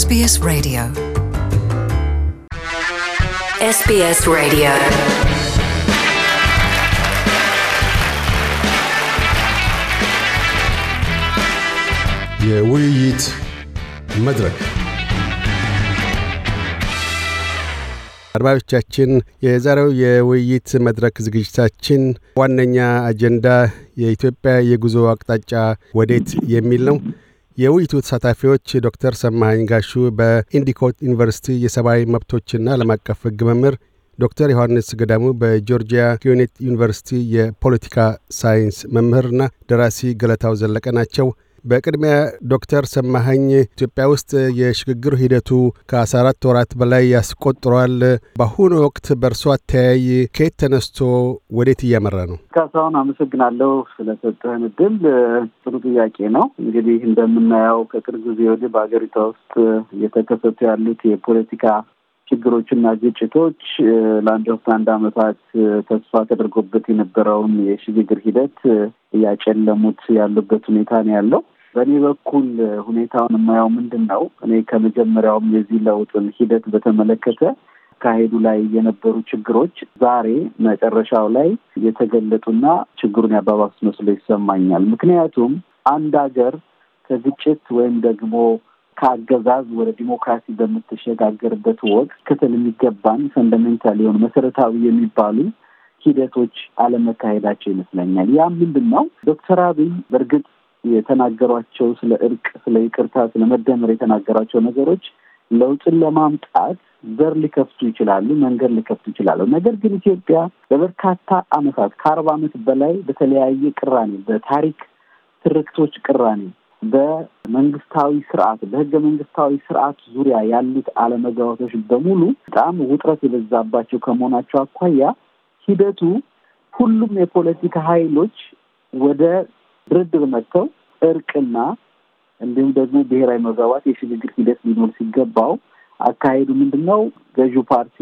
SBS Radio SBS Radio የውይይት መድረክ አድማጮቻችን የዛሬው የውይይት መድረክ ዝግጅታችን ዋነኛ አጀንዳ የኢትዮጵያ የጉዞ አቅጣጫ ወዴት የሚል ነው። የውይይቱ ተሳታፊዎች ዶክተር ሰማኸኝ ጋሹ በኢንዲኮት ዩኒቨርሲቲ የሰብአዊ መብቶችና ዓለም አቀፍ ሕግ መምህር፣ ዶክተር ዮሐንስ ገዳሙ በጆርጂያ ኪዩኔት ዩኒቨርሲቲ የፖለቲካ ሳይንስ መምህርና ደራሲ ገለታው ዘለቀ ናቸው። በቅድሚያ ዶክተር ሰማሀኝ ኢትዮጵያ ውስጥ የሽግግር ሂደቱ ከአስራ አራት ወራት በላይ ያስቆጥሯል። በአሁኑ ወቅት በእርሶ አተያይ ከየት ተነስቶ ወዴት እያመራ ነው? ካሳሁን አመሰግናለሁ ስለሰጠህን እድል። ጥሩ ጥያቄ ነው። እንግዲህ እንደምናየው ከቅርብ ጊዜ ወዲህ በሀገሪቷ ውስጥ እየተከሰቱ ያሉት የፖለቲካ ችግሮችና ግጭቶች ለአንድ ወቅት አንድ ዓመታት ተስፋ ተደርጎበት የነበረውን የሽግግር ሂደት እያጨለሙት ያሉበት ሁኔታ ነው ያለው። በእኔ በኩል ሁኔታውን የማየው ምንድን ነው፣ እኔ ከመጀመሪያውም የዚህ ለውጥን ሂደት በተመለከተ ካሄዱ ላይ የነበሩ ችግሮች ዛሬ መጨረሻው ላይ የተገለጡና ችግሩን ያባባሱ መስሎ ይሰማኛል። ምክንያቱም አንድ ሀገር ከግጭት ወይም ደግሞ ከአገዛዝ ወደ ዲሞክራሲ በምትሸጋገርበት ወቅት ክትል የሚገባን ፈንደሜንታል የሆኑ መሰረታዊ የሚባሉ ሂደቶች አለመካሄዳቸው ይመስለኛል። ያ ምንድን ነው? ዶክተር አብይ በእርግጥ የተናገሯቸው ስለ እርቅ፣ ስለ ይቅርታ፣ ስለ መደመር የተናገሯቸው ነገሮች ለውጥን ለማምጣት በር ሊከፍቱ ይችላሉ፣ መንገድ ሊከፍቱ ይችላሉ። ነገር ግን ኢትዮጵያ በበርካታ ዓመታት ከአርባ ዓመት በላይ በተለያየ ቅራኔ፣ በታሪክ ትርክቶች ቅራኔ፣ በመንግስታዊ ስርዓት፣ በህገ መንግስታዊ ስርዓት ዙሪያ ያሉት አለመግባባቶች በሙሉ በጣም ውጥረት የበዛባቸው ከመሆናቸው አኳያ ሂደቱ ሁሉም የፖለቲካ ኃይሎች ወደ ድርድር መጥተው እርቅና እንዲሁም ደግሞ ብሔራዊ መግባባት የሽግግር ሂደት ሊኖር ሲገባው አካሄዱ ምንድን ነው? ገዢው ፓርቲ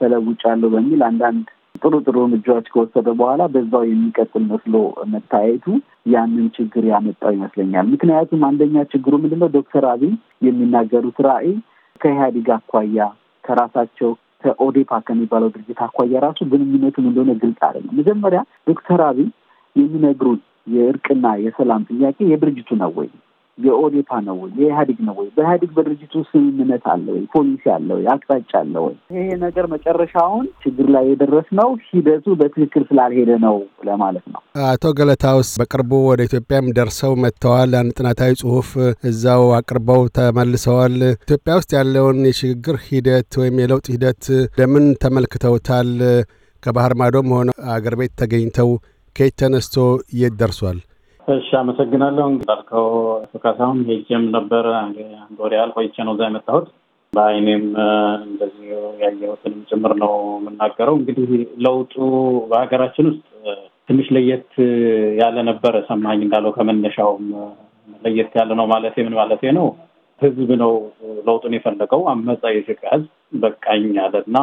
ተለውጫለሁ በሚል አንዳንድ ጥሩ ጥሩ እርምጃዎች ከወሰደ በኋላ በዛው የሚቀጥል መስሎ መታየቱ ያንን ችግር ያመጣው ይመስለኛል። ምክንያቱም አንደኛ ችግሩ ምንድን ነው? ዶክተር አብይ የሚናገሩት ራዕይ ከኢህአዴግ አኳያ ከራሳቸው ከኦዴፓ ከሚባለው ድርጅት አኳያ ራሱ ግንኙነቱም እንደሆነ ግልጽ አይደለም። መጀመሪያ ዶክተር አብይ የሚነግሩት የእርቅና የሰላም ጥያቄ የድርጅቱ ነው ወይ የኦዴፓ ነው ወይ የኢህአዴግ ነው ወይ? በኢህአዴግ በድርጅቱ ስምምነት አለ ወይ? ፖሊሲ አለ ወይ? አቅጣጫ አለ ወይ? ይሄ ነገር መጨረሻውን ችግር ላይ ነው ሂደቱ በትክክል ስላልሄደ ነው ለማለት ነው። አቶ ገለታውስ በቅርቡ ወደ ኢትዮጵያም ደርሰው መጥተዋል። አንድ ጥናታዊ ጽሁፍ እዛው አቅርበው ተመልሰዋል። ኢትዮጵያ ውስጥ ያለውን የሽግግር ሂደት ወይም የለውጥ ሂደት ለምን ተመልክተውታል? ከባህር ማዶም ሆነው አገር ቤት ተገኝተው ከየት ተነስቶ የት ደርሷል? እሺ አመሰግናለሁ። እንዳልከው ፍቃሳሁን ሄጄም ነበር አንድ ወር ያህል ቆይቼ ነው እዛ የመጣሁት። በአይኔም እንደዚህ ያየሁትንም ጭምር ነው የምናገረው። እንግዲህ ለውጡ በሀገራችን ውስጥ ትንሽ ለየት ያለ ነበረ ሰማኝ እንዳለው ከመነሻውም ለየት ያለ ነው ማለት ምን ማለት ነው? ህዝብ ነው ለውጡን የፈለገው። አመፃ የኢትዮጵያ ህዝብ በቃኝ አለ አለና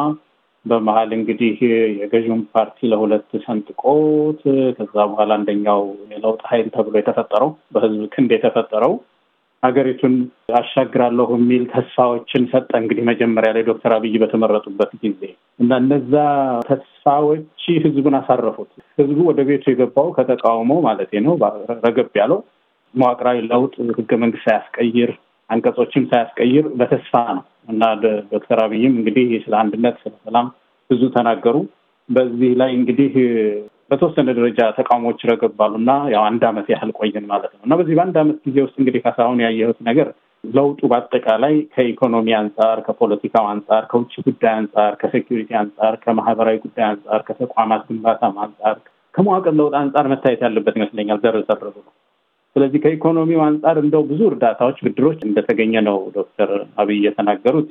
በመሀል እንግዲህ የገዥውን ፓርቲ ለሁለት ሰንጥቆት ከዛ በኋላ አንደኛው የለውጥ ኃይል ተብሎ የተፈጠረው በህዝብ ክንድ የተፈጠረው ሀገሪቱን አሻግራለሁ የሚል ተስፋዎችን ሰጠ። እንግዲህ መጀመሪያ ላይ ዶክተር አብይ በተመረጡበት ጊዜ እና እነዛ ተስፋዎች ህዝቡን አሳረፉት። ህዝቡ ወደ ቤቱ የገባው ከተቃውሞ ማለት ነው ረገብ ያለው መዋቅራዊ ለውጥ ህገ መንግስት ሳያስቀይር አንቀጾችን ሳያስቀይር በተስፋ ነው። እና ዶክተር አብይም እንግዲህ ስለ አንድነት፣ ስለ ሰላም ብዙ ተናገሩ። በዚህ ላይ እንግዲህ በተወሰነ ደረጃ ተቃውሞዎች ረገብ ባሉና ያው አንድ አመት ያህል ቆይን ማለት ነው እና በዚህ በአንድ አመት ጊዜ ውስጥ እንግዲህ ካሳሁን ያየሁት ነገር ለውጡ በአጠቃላይ ከኢኮኖሚ አንጻር፣ ከፖለቲካው አንጻር፣ ከውጭ ጉዳይ አንጻር፣ ከሴኪሪቲ አንጻር፣ ከማህበራዊ ጉዳይ አንጻር፣ ከተቋማት ግንባታም አንጻር፣ ከመዋቅር ለውጥ አንጻር መታየት ያለበት ይመስለኛል። ዘር ዘር ብሎ ስለዚህ ከኢኮኖሚው አንጻር እንደው ብዙ እርዳታዎች፣ ብድሮች እንደተገኘ ነው ዶክተር አብይ የተናገሩት።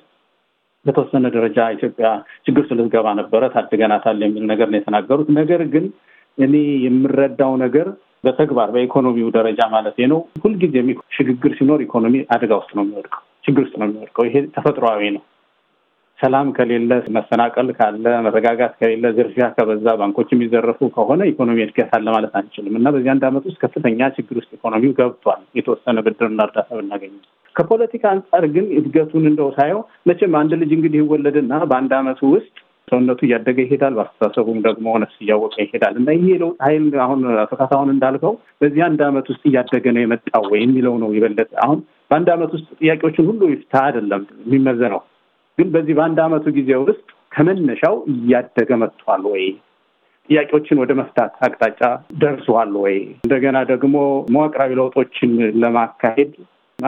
በተወሰነ ደረጃ ኢትዮጵያ ችግር ስልትገባ ነበረ ታድገናታል የሚል ነገር ነው የተናገሩት። ነገር ግን እኔ የምረዳው ነገር በተግባር በኢኮኖሚው ደረጃ ማለት ነው ሁልጊዜ ሽግግር ሲኖር ኢኮኖሚ አደጋ ውስጥ ነው የሚወድቀው፣ ችግር ውስጥ ነው የሚወድቀው። ይሄ ተፈጥሯዊ ነው። ሰላም ከሌለ፣ መሰናቀል ካለ፣ መረጋጋት ከሌለ፣ ዝርፊያ ከበዛ፣ ባንኮች የሚዘረፉ ከሆነ ኢኮኖሚ እድገታል ማለት አንችልም እና በዚህ አንድ ዓመት ውስጥ ከፍተኛ ችግር ውስጥ ኢኮኖሚው ገብቷል። የተወሰነ ብድርና እርዳታ ብናገኝ ከፖለቲካ አንጻር ግን እድገቱን እንደው ሳየው መቼም አንድ ልጅ እንግዲህ ይወለድና በአንድ ዓመቱ ውስጥ ሰውነቱ እያደገ ይሄዳል። በአስተሳሰቡም ደግሞ ነፍስ እያወቀ ይሄዳል እና ይሄ ለውጥ ኃይል አሁን አቶ ካሳሁን እንዳልከው በዚህ አንድ ዓመት ውስጥ እያደገ ነው የመጣው ወይ የሚለው ነው የበለጠ አሁን በአንድ አመት ውስጥ ጥያቄዎችን ሁሉ ይፍታ አይደለም የሚመዘነው ግን በዚህ በአንድ አመቱ ጊዜ ውስጥ ከመነሻው እያደገ መጥቷል ወይ? ጥያቄዎችን ወደ መፍታት አቅጣጫ ደርሷል ወይ? እንደገና ደግሞ መዋቅራዊ ለውጦችን ለማካሄድ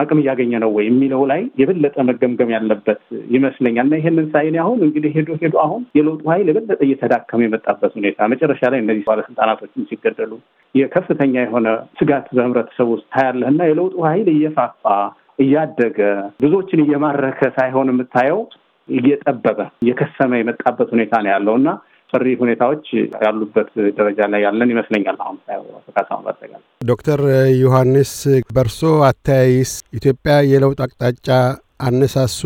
አቅም እያገኘ ነው ወይ የሚለው ላይ የበለጠ መገምገም ያለበት ይመስለኛል። እና ይህንን ሳይን አሁን እንግዲህ ሄዶ ሄዶ አሁን የለውጡ ኃይል የበለጠ እየተዳከመ የመጣበት ሁኔታ መጨረሻ ላይ እነዚህ ባለስልጣናቶችን ሲገደሉ የከፍተኛ የሆነ ስጋት በህብረተሰብ ውስጥ ታያለህ እና የለውጡ ኃይል እየፋፋ እያደገ ብዙዎችን እየማረከ ሳይሆን የምታየው እየጠበበ እየከሰመ የመጣበት ሁኔታ ነው ያለው እና ፍሪ ሁኔታዎች ያሉበት ደረጃ ላይ ያለን ይመስለኛል። አሁን ሳይሆን ባጠቃላይ ዶክተር ዮሐንስ በርሶ አተያይስ ኢትዮጵያ የለውጥ አቅጣጫ አነሳሱ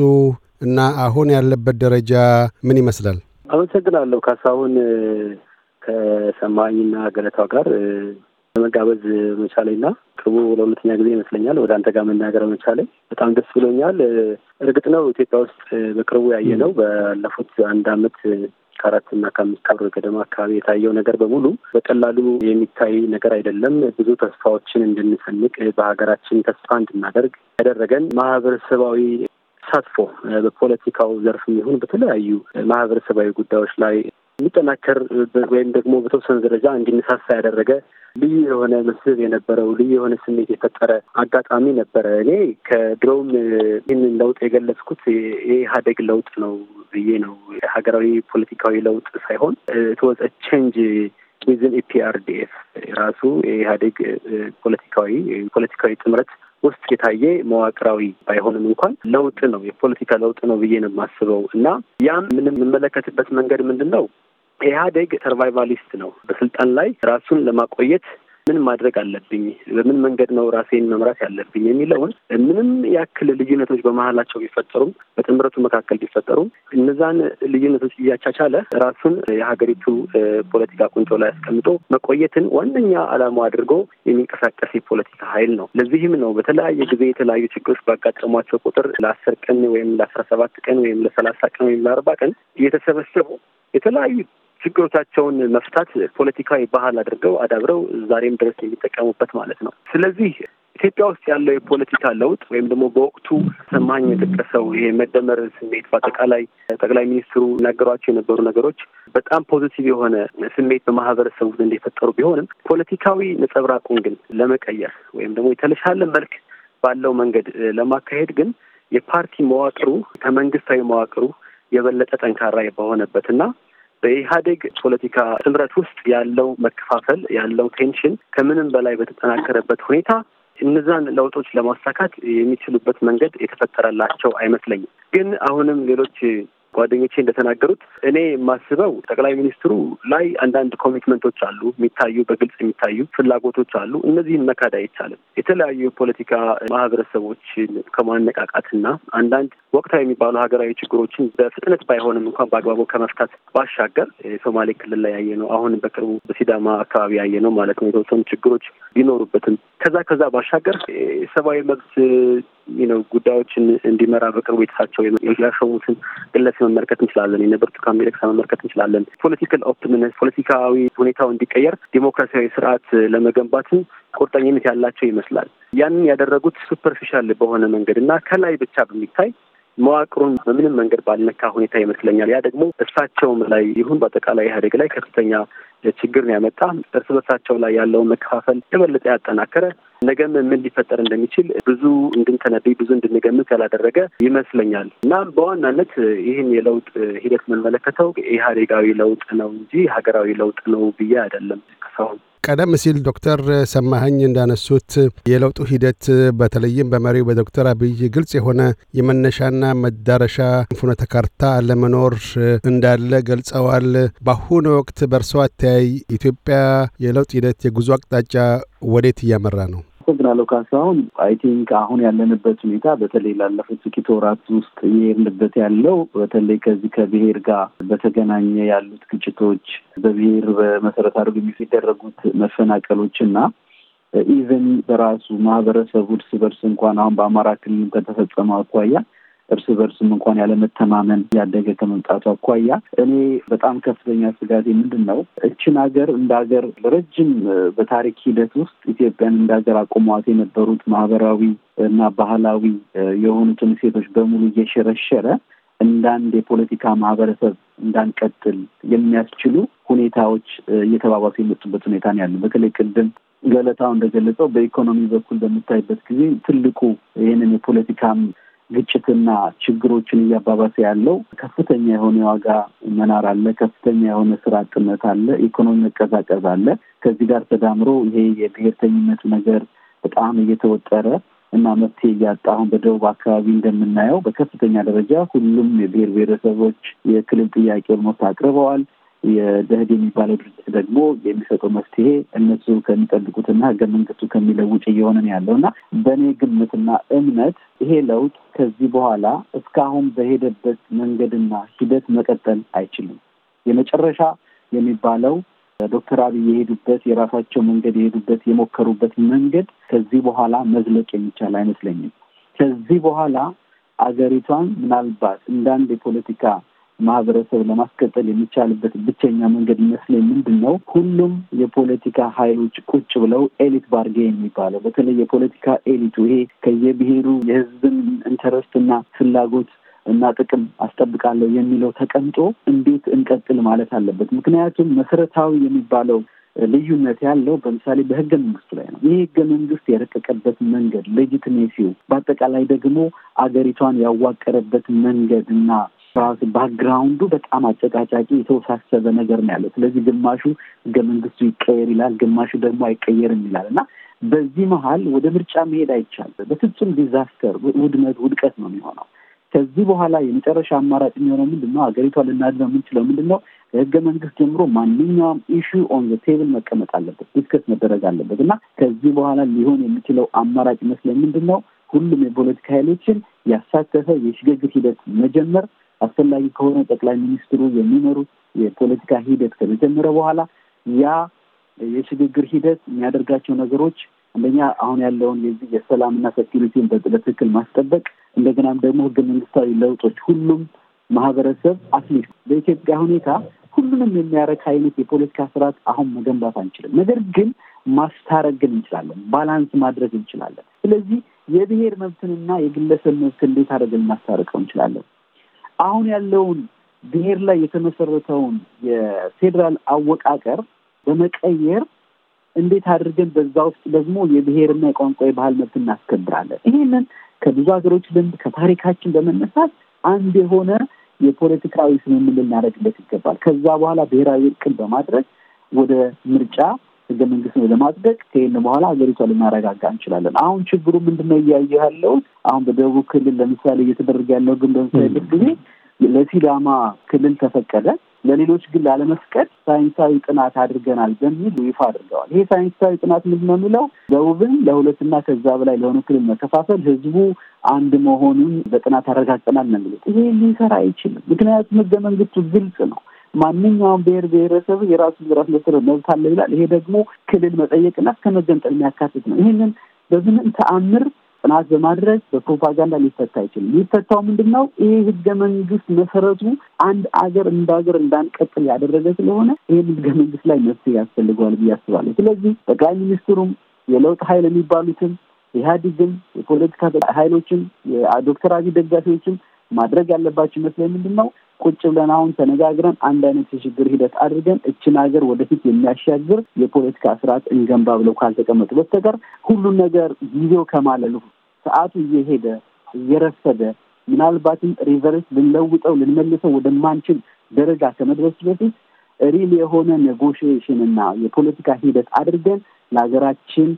እና አሁን ያለበት ደረጃ ምን ይመስላል? አመሰግናለሁ ካሳሁን ከሰማኝና ገለታው ጋር መጋበዝ መቻሌ እና ቅርቡ ለሁለተኛ ጊዜ ይመስለኛል ወደ አንተ ጋር መናገር መቻሌ በጣም ደስ ብሎኛል። እርግጥ ነው ኢትዮጵያ ውስጥ በቅርቡ ያየ ነው ባለፉት አንድ አመት ከአራት እና ከአምስት ወር ገደማ አካባቢ የታየው ነገር በሙሉ በቀላሉ የሚታይ ነገር አይደለም። ብዙ ተስፋዎችን እንድንሰንቅ በሀገራችን ተስፋ እንድናደርግ ያደረገን ማህበረሰባዊ ተሳትፎ በፖለቲካው ዘርፍ የሚሆን በተለያዩ ማህበረሰባዊ ጉዳዮች ላይ እንዲጠናከር ወይም ደግሞ በተወሰነ ደረጃ እንዲነሳሳ ያደረገ ልዩ የሆነ መስህብ የነበረው ልዩ የሆነ ስሜት የፈጠረ አጋጣሚ ነበረ። እኔ ከድሮውም ይህንን ለውጥ የገለጽኩት የኢህአዴግ ለውጥ ነው ብዬ ነው። ሀገራዊ ፖለቲካዊ ለውጥ ሳይሆን ተወጸ ቼንጅ ዊዝን ኢፒአርዲኤፍ ራሱ የኢህአዴግ ፖለቲካዊ ፖለቲካዊ ጥምረት ውስጥ የታየ መዋቅራዊ ባይሆንም እንኳን ለውጥ ነው፣ የፖለቲካ ለውጥ ነው ብዬ ነው የማስበው እና ያም የምንመለከትበት መንገድ ምንድን ነው? ኢህአዴግ ሰርቫይቫሊስት ነው። በስልጣን ላይ ራሱን ለማቆየት ምን ማድረግ አለብኝ፣ በምን መንገድ ነው ራሴን መምራት ያለብኝ የሚለውን ምንም ያክል ልዩነቶች በመሀላቸው ቢፈጠሩም በጥምረቱ መካከል ቢፈጠሩም እነዛን ልዩነቶች እያቻቻለ ራሱን የሀገሪቱ ፖለቲካ ቁንጮ ላይ አስቀምጦ መቆየትን ዋነኛ ዓላማው አድርጎ የሚንቀሳቀስ የፖለቲካ ኃይል ነው። ለዚህም ነው በተለያየ ጊዜ የተለያዩ ችግሮች ባጋጠሟቸው ቁጥር ለአስር ቀን ወይም ለአስራ ሰባት ቀን ወይም ለሰላሳ ቀን ወይም ለአርባ ቀን እየተሰበሰቡ የተለያዩ ችግሮቻቸውን መፍታት ፖለቲካዊ ባህል አድርገው አዳብረው ዛሬም ድረስ የሚጠቀሙበት ማለት ነው። ስለዚህ ኢትዮጵያ ውስጥ ያለው የፖለቲካ ለውጥ ወይም ደግሞ በወቅቱ ሰማኝ የጠቀሰው ይሄ መደመር ስሜት በአጠቃላይ ጠቅላይ ሚኒስትሩ ነገሯቸው የነበሩ ነገሮች በጣም ፖዚቲቭ የሆነ ስሜት በማህበረሰቡ ዘንድ የፈጠሩ ቢሆንም ፖለቲካዊ ነጸብራቁን ግን ለመቀየር ወይም ደግሞ የተለሻለ መልክ ባለው መንገድ ለማካሄድ ግን የፓርቲ መዋቅሩ ከመንግስታዊ መዋቅሩ የበለጠ ጠንካራ በሆነበት እና በኢህአዴግ ፖለቲካ ስምረት ውስጥ ያለው መከፋፈል ያለው ቴንሽን ከምንም በላይ በተጠናከረበት ሁኔታ እነዛን ለውጦች ለማሳካት የሚችሉበት መንገድ የተፈጠረላቸው አይመስለኝም። ግን አሁንም ሌሎች ጓደኞቼ እንደተናገሩት እኔ የማስበው ጠቅላይ ሚኒስትሩ ላይ አንዳንድ ኮሚትመንቶች አሉ የሚታዩ በግልጽ የሚታዩ ፍላጎቶች አሉ። እነዚህን መካድ አይቻልም። የተለያዩ የፖለቲካ ማህበረሰቦችን ከማነቃቃትና አንዳንድ ወቅታዊ የሚባሉ ሀገራዊ ችግሮችን በፍጥነት ባይሆንም እንኳን በአግባቡ ከመፍታት ባሻገር የሶማሌ ክልል ላይ ያየ ነው፣ አሁን በቅርቡ በሲዳማ አካባቢ ያየ ነው ማለት ነው። የተወሰኑ ችግሮች ቢኖሩበትም ከዛ ከዛ ባሻገር ሰብአዊ መብት ነው ጉዳዮችን እንዲመራ በቅርቡ የተሳቸው ያሸሙትን ግለሰብ መመልከት እንችላለን። የነ ብርቱካን ሚደቅሳ መመልከት እንችላለን። ፖለቲካል ኦፕትምነት ፖለቲካዊ ሁኔታው እንዲቀየር ዲሞክራሲያዊ ስርዓት ለመገንባትም ቁርጠኝነት ያላቸው ይመስላል። ያንን ያደረጉት ሱፐርፊሻል በሆነ መንገድ እና ከላይ ብቻ በሚታይ መዋቅሩን በምንም መንገድ ባልነካ ሁኔታ ይመስለኛል። ያ ደግሞ እርሳቸውም ላይ ይሁን በአጠቃላይ ኢህአዴግ ላይ ከፍተኛ ችግር ነው ያመጣ። እርስ በሳቸው ላይ ያለውን መከፋፈል የበለጠ ያጠናከረ ነገም ምን ሊፈጠር እንደሚችል ብዙ እንድንተነብይ ብዙ እንድንገምት ያላደረገ ይመስለኛል እና በዋናነት ይህን የለውጥ ሂደት የምንመለከተው ኢህአዴጋዊ ለውጥ ነው እንጂ ሀገራዊ ለውጥ ነው ብዬ አይደለም እስካሁን ቀደም ሲል ዶክተር ሰማሀኝ እንዳነሱት የለውጡ ሂደት በተለይም በመሪው በዶክተር አብይ ግልጽ የሆነ የመነሻና መዳረሻ ፍኖተ ካርታ አለመኖር እንዳለ ገልጸዋል። በአሁኑ ወቅት በእርሶ አተያይ ኢትዮጵያ የለውጥ ሂደት የጉዞ አቅጣጫ ወዴት እያመራ ነው? አመሰግናለሁ ካሳሁን። አይ ቲንክ አሁን ያለንበት ሁኔታ በተለይ ላለፉት ጥቂት ወራት ውስጥ የሄድንበት ያለው በተለይ ከዚህ ከብሔር ጋር በተገናኘ ያሉት ግጭቶች፣ በብሔር በመሰረት አድርጎ የሚደረጉት መፈናቀሎች እና ኢቨን በራሱ ማህበረሰቡ እርስ በርስ እንኳን አሁን በአማራ ክልል ከተፈጸመ አኳያ እርስ በርስም እንኳን ያለመተማመን ያደገ ከመምጣቱ አኳያ እኔ በጣም ከፍተኛ ስጋቴ ምንድን ነው እችን ሀገር እንደ ሀገር ረጅም በታሪክ ሂደት ውስጥ ኢትዮጵያን እንደ ሀገር አቁሟት የነበሩት ማህበራዊ እና ባህላዊ የሆኑትን ሴቶች በሙሉ እየሸረሸረ እንዳንድ የፖለቲካ ማህበረሰብ እንዳንቀጥል የሚያስችሉ ሁኔታዎች እየተባባሱ የመጡበት ሁኔታ ነው ያለው። በተለይ ቅድም ገለታው እንደገለጸው በኢኮኖሚ በኩል በምታይበት ጊዜ ትልቁ ይህንን የፖለቲካም ግጭትና ችግሮችን እያባባሰ ያለው ከፍተኛ የሆነ የዋጋ መናር አለ። ከፍተኛ የሆነ ስራ አጥነት አለ። ኢኮኖሚ መቀዛቀዝ አለ። ከዚህ ጋር ተዳምሮ ይሄ የብሔርተኝነት ነገር በጣም እየተወጠረ እና መፍትሄ እያጣ አሁን በደቡብ አካባቢ እንደምናየው በከፍተኛ ደረጃ ሁሉም የብሔር ብሔረሰቦች የክልል ጥያቄ ሞት አቅርበዋል። የደህድ የሚባለው ድርጅት ደግሞ የሚሰጠው መፍትሄ እነሱ ከሚጠብቁትና ህገ መንግስቱ ከሚለውጭ እየሆነ ነው ያለው እና በእኔ ግምትና እምነት ይሄ ለውጥ ከዚህ በኋላ እስካሁን በሄደበት መንገድና ሂደት መቀጠል አይችልም። የመጨረሻ የሚባለው ዶክተር አብይ የሄዱበት የራሳቸው መንገድ የሄዱበት የሞከሩበት መንገድ ከዚህ በኋላ መዝለቅ የሚቻል አይመስለኝም። ከዚህ በኋላ አገሪቷን ምናልባት እንዳንድ የፖለቲካ ማህበረሰብ ለማስቀጠል የሚቻልበት ብቸኛ መንገድ ይመስለኝ ምንድን ነው ሁሉም የፖለቲካ ሀይሎች ቁጭ ብለው ኤሊት ባርጌ የሚባለው በተለይ የፖለቲካ ኤሊቱ ይሄ ከየብሔሩ የህዝብን ኢንተረስት እና ፍላጎት እና ጥቅም አስጠብቃለሁ የሚለው ተቀምጦ እንዴት እንቀጥል ማለት አለበት። ምክንያቱም መሰረታዊ የሚባለው ልዩነት ያለው በምሳሌ በህገ መንግስቱ ላይ ነው። ይህ ህገ መንግስት የረቀቀበት መንገድ ሌጂትሜሲው፣ በአጠቃላይ ደግሞ አገሪቷን ያዋቀረበት መንገድ እና ራሱ ባክግራውንዱ በጣም አጨቃጫቂ የተወሳሰበ ነገር ነው ያለው። ስለዚህ ግማሹ ህገ መንግስቱ ይቀየር ይላል፣ ግማሹ ደግሞ አይቀየርም ይላል እና በዚህ መሀል ወደ ምርጫ መሄድ አይቻልም። በፍጹም ዲዛስተር፣ ውድመት፣ ውድቀት ነው የሚሆነው። ከዚህ በኋላ የመጨረሻ አማራጭ የሚሆነው ምንድን ነው? ሀገሪቷ ልናድነው የምንችለው ምንድን ነው? ከህገ መንግስት ጀምሮ ማንኛውም ኢሹ ኦን ዘ ቴብል መቀመጥ አለበት፣ ዲስከስ መደረግ አለበት እና ከዚህ በኋላ ሊሆን የሚችለው አማራጭ መስለን ምንድን ነው ሁሉም የፖለቲካ ኃይሎችን ያሳተፈ የሽግግር ሂደት መጀመር አስፈላጊ ከሆነ ጠቅላይ ሚኒስትሩ የሚመሩት የፖለቲካ ሂደት ከተጀመረ በኋላ ያ የሽግግር ሂደት የሚያደርጋቸው ነገሮች አንደኛ አሁን ያለውን የዚህ የሰላምና ሴኪሪቲን በትክክል ማስጠበቅ፣ እንደገናም ደግሞ ህገ መንግስታዊ ለውጦች ሁሉም ማህበረሰብ አትሊስት በኢትዮጵያ ሁኔታ ሁሉንም የሚያረካ አይነት የፖለቲካ ስርዓት አሁን መገንባት አንችልም። ነገር ግን ማስታረግን እንችላለን፣ ባላንስ ማድረግ እንችላለን። ስለዚህ የብሔር መብትንና የግለሰብ መብት እንዴት አድርገን ማስታረቀው እንችላለን? አሁን ያለውን ብሔር ላይ የተመሰረተውን የፌዴራል አወቃቀር በመቀየር እንዴት አድርገን በዛ ውስጥ ደግሞ የብሔርና የቋንቋ የባህል መብት እናስከብራለን? ይህንን ከብዙ ሀገሮች ልምድ ከታሪካችን በመነሳት አንድ የሆነ የፖለቲካዊ ስምምል ልናደርግለት ይገባል። ከዛ በኋላ ብሔራዊ እርቅን በማድረግ ወደ ምርጫ ህገ መንግስት ነው ለማጽደቅ ከሄን በኋላ ሀገሪቷ ልናረጋጋ እንችላለን። አሁን ችግሩ ምንድነው እያየ ያለው አሁን በደቡብ ክልል ለምሳሌ እየተደረገ ያለው ግን በምሳሌበት ጊዜ ለሲዳማ ክልል ተፈቀደ፣ ለሌሎች ግን ላለመፍቀድ ሳይንሳዊ ጥናት አድርገናል በሚል ይፋ አድርገዋል። ይሄ ሳይንሳዊ ጥናት ምንድን ነው የሚለው ደቡብን ለሁለትና ከዛ በላይ ለሆነ ክልል መከፋፈል ህዝቡ አንድ መሆኑን በጥናት አረጋግጠናል ነው የሚሉት። ይሄ ሊሰራ አይችልም። ምክንያቱም ህገ መንግስቱ ግልጽ ነው ማንኛውም ብሔር ብሔረሰብ የራሱ ራስ መሰረ መብት አለ ይላል። ይሄ ደግሞ ክልል መጠየቅና እስከ መገንጠል የሚያካትት ነው። ይህንን በምንም ተአምር ጥናት በማድረግ በፕሮፓጋንዳ ሊፈታ አይችልም። ሊፈታው ምንድን ነው? ይህ ህገ መንግስት መሰረቱ አንድ አገር እንደ ሀገር እንዳንቀጥል ያደረገ ስለሆነ ይህን ህገ መንግስት ላይ መፍትሄ ያስፈልገዋል ብዬ አስባለሁ። ስለዚህ ጠቅላይ ሚኒስትሩም የለውጥ ኃይል የሚባሉትም ኢህአዲግም የፖለቲካ ኃይሎችም የዶክተር አብይ ደጋፊዎችም ማድረግ ያለባቸው ይመስለኝ ምንድን ነው ቁጭ ብለን አሁን ተነጋግረን አንድ አይነት የችግር ሂደት አድርገን እችን ሀገር ወደፊት የሚያሻግር የፖለቲካ ስርዓት እንገንባ ብለው ካልተቀመጡ በስተቀር ሁሉን ነገር ጊዜው ከማለሉ ሰዓቱ እየሄደ እየረፈደ ምናልባትም ሪቨርስ ልንለውጠው ልንመልሰው ወደማንችል ደረጃ ከመድረሱ በፊት ሪል የሆነ ኔጎሽዬሽን እና የፖለቲካ ሂደት አድርገን ለሀገራችን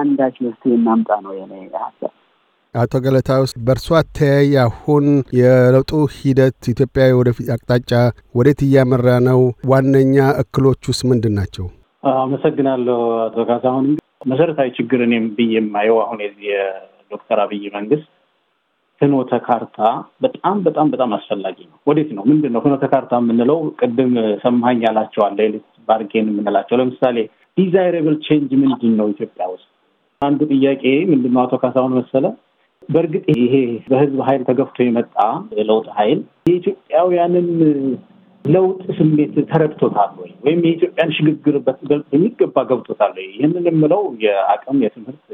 አንዳች መፍትሄ እናምጣ ነው የኔ ሀሳብ። አቶ ገለታ ውስጥ በእርሶ አተያይ አሁን የለውጡ ሂደት ኢትዮጵያ ወደፊት አቅጣጫ ወዴት እያመራ ነው? ዋነኛ እክሎች ውስጥ ምንድን ናቸው? አመሰግናለሁ አቶ ካሳሁን። መሰረታዊ ችግር እኔም ብዬ የማየው አሁን የዚህ የዶክተር አብይ መንግስት ፍኖተ ካርታ በጣም በጣም በጣም አስፈላጊ ነው። ወዴት ነው ምንድን ነው ፍኖተ ካርታ የምንለው? ቅድም ሰማኝ ያላቸዋለ ባርጌን የምንላቸው ለምሳሌ ዲዛይረብል ቼንጅ ምንድን ነው ኢትዮጵያ ውስጥ አንዱ ጥያቄ ምንድነው አቶ ካሳሁን መሰለ በእርግጥ ይሄ በህዝብ ኃይል ተገፍቶ የመጣ የለውጥ ኃይል የኢትዮጵያውያንን ለውጥ ስሜት ተረድቶታል ወይ ወይም የኢትዮጵያን ሽግግር በሚገባ ገብቶታል ወይ? ይህንን የምለው የአቅም የትምህርት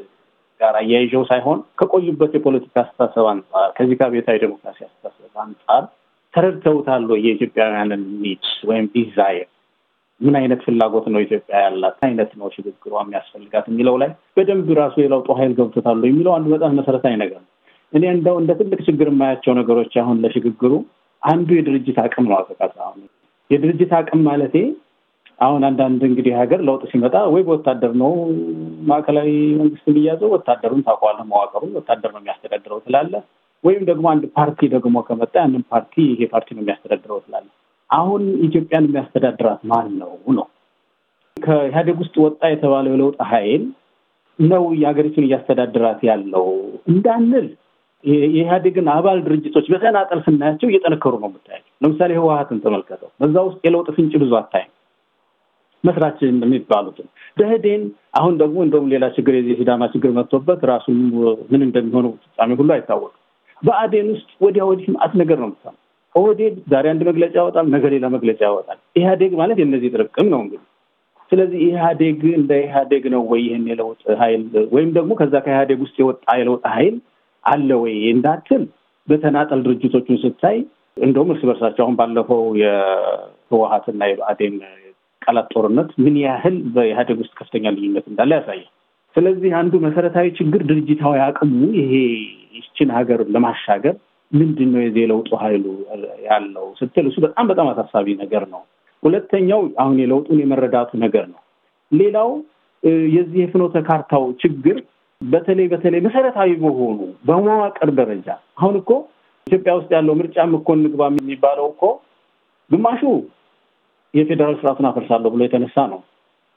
ጋር አያይዘው ሳይሆን ከቆዩበት የፖለቲካ አስተሳሰብ አንጻር ከዚህ ከቤታዊ ዴሞክራሲ አስተሳሰብ አንጻር ተረድተውታል ወይ የኢትዮጵያውያንን ኒድ ወይም ዲዛይር ምን አይነት ፍላጎት ነው ኢትዮጵያ ያላት፣ አይነት ነው ሽግግሯ የሚያስፈልጋት የሚለው ላይ በደንብ ራሱ የለውጡ ኃይል ገብቶታል የሚለው አንዱ በጣም መሰረታዊ ነገር ነው። እኔ እንደው እንደ ትልቅ ችግር የማያቸው ነገሮች አሁን ለሽግግሩ አንዱ የድርጅት አቅም ነው። አዘቃት አሁን የድርጅት አቅም ማለቴ አሁን አንዳንድ እንግዲህ ሀገር ለውጥ ሲመጣ ወይ በወታደር ነው ማዕከላዊ መንግስት የሚያዘው ወታደሩን ታውቀዋለህ፣ መዋቅሩ ወታደር ነው የሚያስተዳድረው ትላለህ። ወይም ደግሞ አንድ ፓርቲ ደግሞ ከመጣ ያንን ፓርቲ ይሄ ፓርቲ ነው የሚያስተዳድረው ትላለህ። አሁን ኢትዮጵያን የሚያስተዳድራት ማን ነው ነው? ከኢህአዴግ ውስጥ ወጣ የተባለው የለውጥ ኃይል ነው የሀገሪቱን እያስተዳድራት ያለው እንዳንል የኢህአዴግን አባል ድርጅቶች በተናጠል ስናያቸው እየጠነከሩ ነው የምታያቸው። ለምሳሌ ህወሀትን ተመልከተው፣ በዛ ውስጥ የለውጥ ፍንጭ ብዙ አታይም። መስራችን የሚባሉትን ደህዴን፣ አሁን ደግሞ እንደውም ሌላ ችግር የዚህ ሲዳማ ችግር መጥቶበት ራሱ ምን እንደሚሆነው ፍጻሜ ሁሉ አይታወቅም። በአዴን ውስጥ ወዲያ ወዲህ ማአት ነገር ነው ምሳ ኦህዴድ ዛሬ አንድ መግለጫ ያወጣል፣ ነገ ሌላ መግለጫ ያወጣል። ኢህአዴግ ማለት የእነዚህ ጥርቅም ነው እንግዲህ። ስለዚህ ኢህአዴግ እንደ ኢህአዴግ ነው ወይ ይህን የለውጥ ኃይል ወይም ደግሞ ከዛ ከኢህአዴግ ውስጥ የወጣ የለውጥ ኃይል አለ ወይ እንዳትል በተናጠል ድርጅቶቹን ስታይ እንደውም እርስ በርሳቸው አሁን ባለፈው የህወሀትና የብአዴን ቃላት ጦርነት ምን ያህል በኢህአዴግ ውስጥ ከፍተኛ ልዩነት እንዳለ ያሳያል። ስለዚህ አንዱ መሰረታዊ ችግር ድርጅታዊ አቅሙ ይሄ ይችን ሀገር ለማሻገር ምንድን ነው የዚህ ለውጡ ኃይሉ ያለው ስትል እሱ በጣም በጣም አሳሳቢ ነገር ነው። ሁለተኛው አሁን የለውጡን የመረዳቱ ነገር ነው። ሌላው የዚህ የፍኖተ ካርታው ችግር በተለይ በተለይ መሰረታዊ በሆኑ በመዋቅር ደረጃ አሁን እኮ ኢትዮጵያ ውስጥ ያለው ምርጫም እኮ እንግባ የሚባለው እኮ ግማሹ የፌዴራል ስርዓቱን አፈርሳለሁ ብሎ የተነሳ ነው።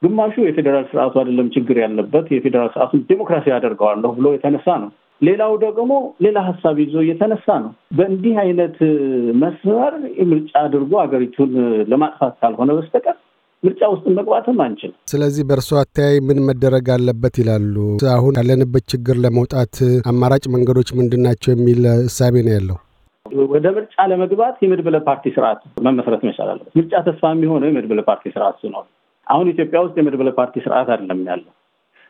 ግማሹ የፌዴራል ስርዓቱ አይደለም ችግር ያለበት የፌዴራል ስርዓቱን ዴሞክራሲ ያደርገዋለሁ ብሎ የተነሳ ነው። ሌላው ደግሞ ሌላ ሀሳብ ይዞ እየተነሳ ነው። በእንዲህ አይነት መስመር ምርጫ አድርጎ ሀገሪቱን ለማጥፋት ካልሆነ በስተቀር ምርጫ ውስጥ መግባትም አንችልም። ስለዚህ በእርሶ አተያይ ምን መደረግ አለበት ይላሉ? አሁን ያለንበት ችግር ለመውጣት አማራጭ መንገዶች ምንድን ናቸው የሚል እሳቤ ነው ያለው። ወደ ምርጫ ለመግባት የመድበለ ፓርቲ ስርዓት መመስረት መቻል አለበት። ምርጫ ተስፋ የሚሆነው የመድበለ ፓርቲ ስርዓት ሲኖር፣ አሁን ኢትዮጵያ ውስጥ የመድበለ ፓርቲ ስርዓት አይደለም ያለው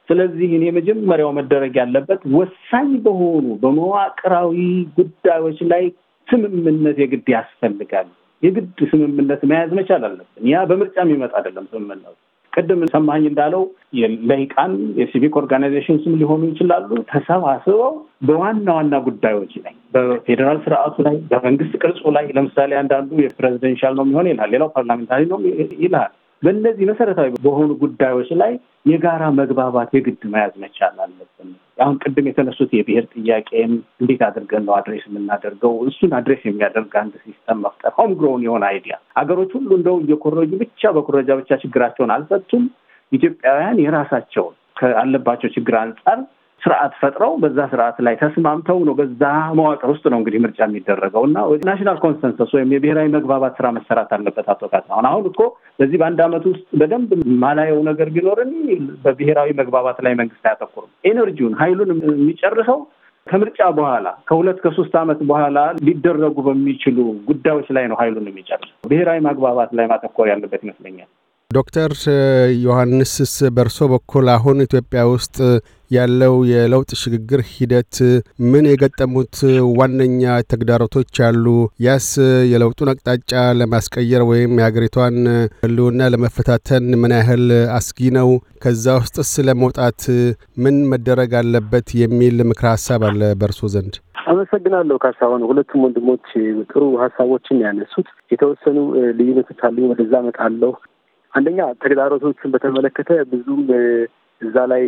ስለዚህ እኔ መጀመሪያው መደረግ ያለበት ወሳኝ በሆኑ በመዋቅራዊ ጉዳዮች ላይ ስምምነት የግድ ያስፈልጋል። የግድ ስምምነት መያዝ መቻል አለብን። ያ በምርጫ የሚመጣ አይደለም። ስምምነቱ ቅድም ሰማኝ እንዳለው የለይቃን የሲቪክ ኦርጋናይዜሽን ስም ሊሆኑ ይችላሉ። ተሰባስበው በዋና ዋና ጉዳዮች ላይ በፌዴራል ስርዓቱ ላይ በመንግስት ቅርጹ ላይ ለምሳሌ አንዳንዱ የፕሬዚደንሻል ነው የሚሆን ይላል ሌላው ፓርላሜንታሪ ነው ይላል። በእነዚህ መሰረታዊ በሆኑ ጉዳዮች ላይ የጋራ መግባባት የግድ መያዝ መቻል አለብን። አሁን ቅድም የተነሱት የብሔር ጥያቄም እንዴት አድርገን ነው አድሬስ የምናደርገው? እሱን አድሬስ የሚያደርግ አንድ ሲስተም መፍጠር ሆም ግሮውን የሆነ አይዲያ አገሮች ሁሉ እንደው እየኮረጁ ብቻ በኮረጃ ብቻ ችግራቸውን አልፈቱም። ኢትዮጵያውያን የራሳቸውን ከአለባቸው ችግር አንጻር ስርዓት ፈጥረው በዛ ስርዓት ላይ ተስማምተው ነው በዛ መዋቅር ውስጥ ነው እንግዲህ ምርጫ የሚደረገው እና ናሽናል ኮንሰንሰስ ወይም የብሔራዊ መግባባት ስራ መሰራት አለበት። አቶ ካሳሁን አሁን እኮ በዚህ በአንድ አመት ውስጥ በደንብ ማላየው ነገር ቢኖርን በብሔራዊ መግባባት ላይ መንግስት አያተኩርም። ኤነርጂውን ኃይሉን የሚጨርሰው ከምርጫ በኋላ ከሁለት ከሶስት ዓመት በኋላ ሊደረጉ በሚችሉ ጉዳዮች ላይ ነው ኃይሉን የሚጨርሰው። ብሔራዊ መግባባት ላይ ማተኮር ያለበት ይመስለኛል። ዶክተር ዮሐንስስ በእርሶ በኩል አሁን ኢትዮጵያ ውስጥ ያለው የለውጥ ሽግግር ሂደት ምን የገጠሙት ዋነኛ ተግዳሮቶች አሉ? ያስ የለውጡን አቅጣጫ ለማስቀየር ወይም የሀገሪቷን ህልውና ለመፈታተን ምን ያህል አስጊ ነው? ከዛ ውስጥስ ለመውጣት ምን መደረግ አለበት የሚል ምክረ ሀሳብ አለ በእርሶ ዘንድ? አመሰግናለሁ ካሳሁን። ሁለቱም ወንድሞች ጥሩ ሀሳቦችን ያነሱት፣ የተወሰኑ ልዩነቶች አሉ፣ ወደዛ እመጣለሁ። አንደኛ ተግዳሮቶችን በተመለከተ ብዙም እዛ ላይ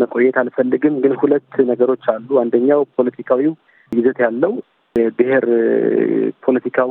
መቆየት አልፈልግም። ግን ሁለት ነገሮች አሉ። አንደኛው ፖለቲካዊው ይዘት ያለው ብሔር ፖለቲካው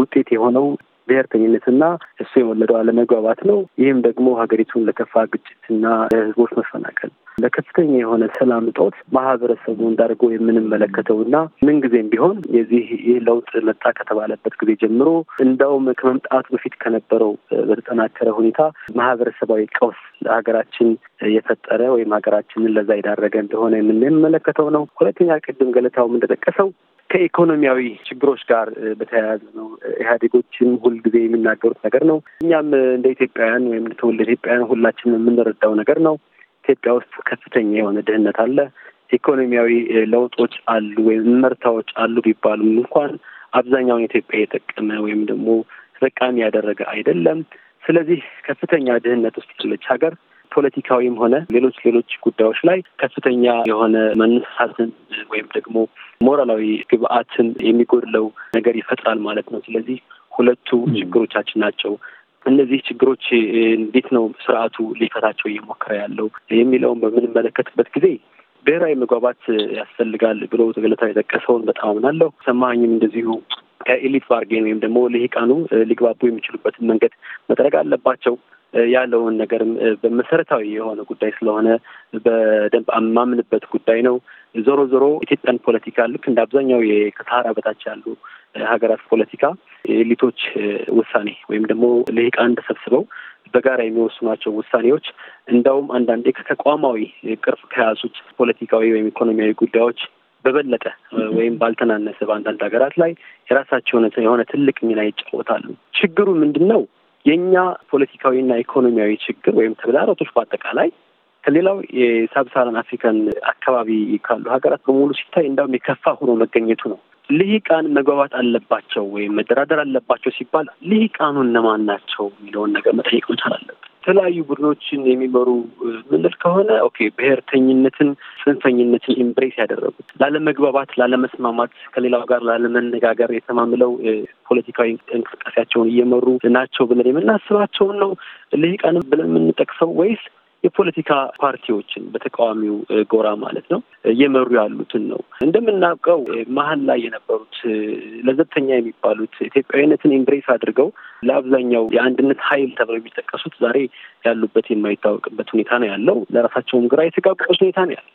ውጤት የሆነው ብሔርተኝነትና እሱ የወለደው አለመግባባት ነው። ይህም ደግሞ ሀገሪቱን ለከፋ ግጭትና ለህዝቦች መፈናቀል ለከፍተኛ የሆነ ሰላም እጦት ማህበረሰቡን የምንመለከተው የምንመለከተውና ምንጊዜም ቢሆን የዚህ ይህ ለውጥ መጣ ከተባለበት ጊዜ ጀምሮ እንደውም ከመምጣቱ በፊት ከነበረው በተጠናከረ ሁኔታ ማህበረሰባዊ ቀውስ ለሀገራችን የፈጠረ ወይም ሀገራችንን ለዛ የዳረገ እንደሆነ የምንመለከተው ነው። ሁለተኛ ቅድም ገለታው እንደጠቀሰው ከኢኮኖሚያዊ ችግሮች ጋር በተያያዘ ነው። ኢህአዴጎችን ሁልጊዜ የሚናገሩት ነገር ነው። እኛም እንደ ኢትዮጵያውያን ወይም ተወልደ ኢትዮጵያውያን ሁላችንም የምንረዳው ነገር ነው። ኢትዮጵያ ውስጥ ከፍተኛ የሆነ ድህነት አለ። ኢኮኖሚያዊ ለውጦች አሉ ወይም መርታዎች አሉ ቢባሉም እንኳን አብዛኛውን ኢትዮጵያ የጠቀመ ወይም ደግሞ ተጠቃሚ ያደረገ አይደለም። ስለዚህ ከፍተኛ ድህነት ውስጥ ያለች ሀገር ፖለቲካዊም ሆነ ሌሎች ሌሎች ጉዳዮች ላይ ከፍተኛ የሆነ መነሳሳትን ወይም ደግሞ ሞራላዊ ግብአትን የሚጎድለው ነገር ይፈጥራል ማለት ነው። ስለዚህ ሁለቱ ችግሮቻችን ናቸው። እነዚህ ችግሮች እንዴት ነው ስርዓቱ ሊፈታቸው እየሞከረ ያለው የሚለውን በምንመለከትበት ጊዜ ብሔራዊ መግባባት ያስፈልጋል ብሎ ገለታ የጠቀሰውን በጣም አምናለሁ። ሰማኝም እንደዚሁ ከኤሊት ባርጌን ወይም ደግሞ ልሂቃኑ ሊግባቡ የሚችሉበትን መንገድ መጥረግ አለባቸው። ያለውን ነገር በመሰረታዊ የሆነ ጉዳይ ስለሆነ በደንብ የማምንበት ጉዳይ ነው። ዞሮ ዞሮ ኢትዮጵያን ፖለቲካ ልክ እንደ አብዛኛው ከሰሃራ በታች ያሉ ሀገራት ፖለቲካ የኤሊቶች ውሳኔ ወይም ደግሞ ልሂቃን ተሰብስበው በጋራ የሚወስኗቸው ውሳኔዎች እንዳውም አንዳንዴ ከተቋማዊ ቅርጽ ከያዙት ፖለቲካዊ ወይም ኢኮኖሚያዊ ጉዳዮች በበለጠ ወይም ባልተናነሰ በአንዳንድ ሀገራት ላይ የራሳቸው የሆነ ትልቅ ሚና ይጫወታሉ። ችግሩ ምንድን ነው? የእኛ ፖለቲካዊና ኢኮኖሚያዊ ችግር ወይም ተግዳሮቶች በአጠቃላይ ከሌላው የሳብሳራን አፍሪካን አካባቢ ካሉ ሀገራት በሙሉ ሲታይ እንዳውም የከፋ ሆኖ መገኘቱ ነው። ልሂቃን መግባባት አለባቸው ወይም መደራደር አለባቸው ሲባል ልሂቃኑ እነማን ናቸው የሚለውን ነገር መጠየቅ መቻል አለብን። የተለያዩ ቡድኖችን የሚመሩ ምንል ከሆነ ኦኬ ብሔርተኝነትን፣ ጽንፈኝነትን ኢምብሬስ ያደረጉት ላለመግባባት፣ ላለመስማማት፣ ከሌላው ጋር ላለመነጋገር የተማምለው ፖለቲካዊ እንቅስቃሴያቸውን እየመሩ ናቸው ብለን የምናስባቸውን ነው ልሂቃን ብለን የምንጠቅሰው ወይስ የፖለቲካ ፓርቲዎችን በተቃዋሚው ጎራ ማለት ነው እየመሩ ያሉትን ነው። እንደምናውቀው መሀል ላይ የነበሩት ለዘብተኛ የሚባሉት ኢትዮጵያዊነትን ኢምብሬስ አድርገው ለአብዛኛው የአንድነት ኃይል ተብለው የሚጠቀሱት ዛሬ ያሉበት የማይታወቅበት ሁኔታ ነው ያለው። ለራሳቸውም ግራ የተጋቀሱ ሁኔታ ነው ያለው።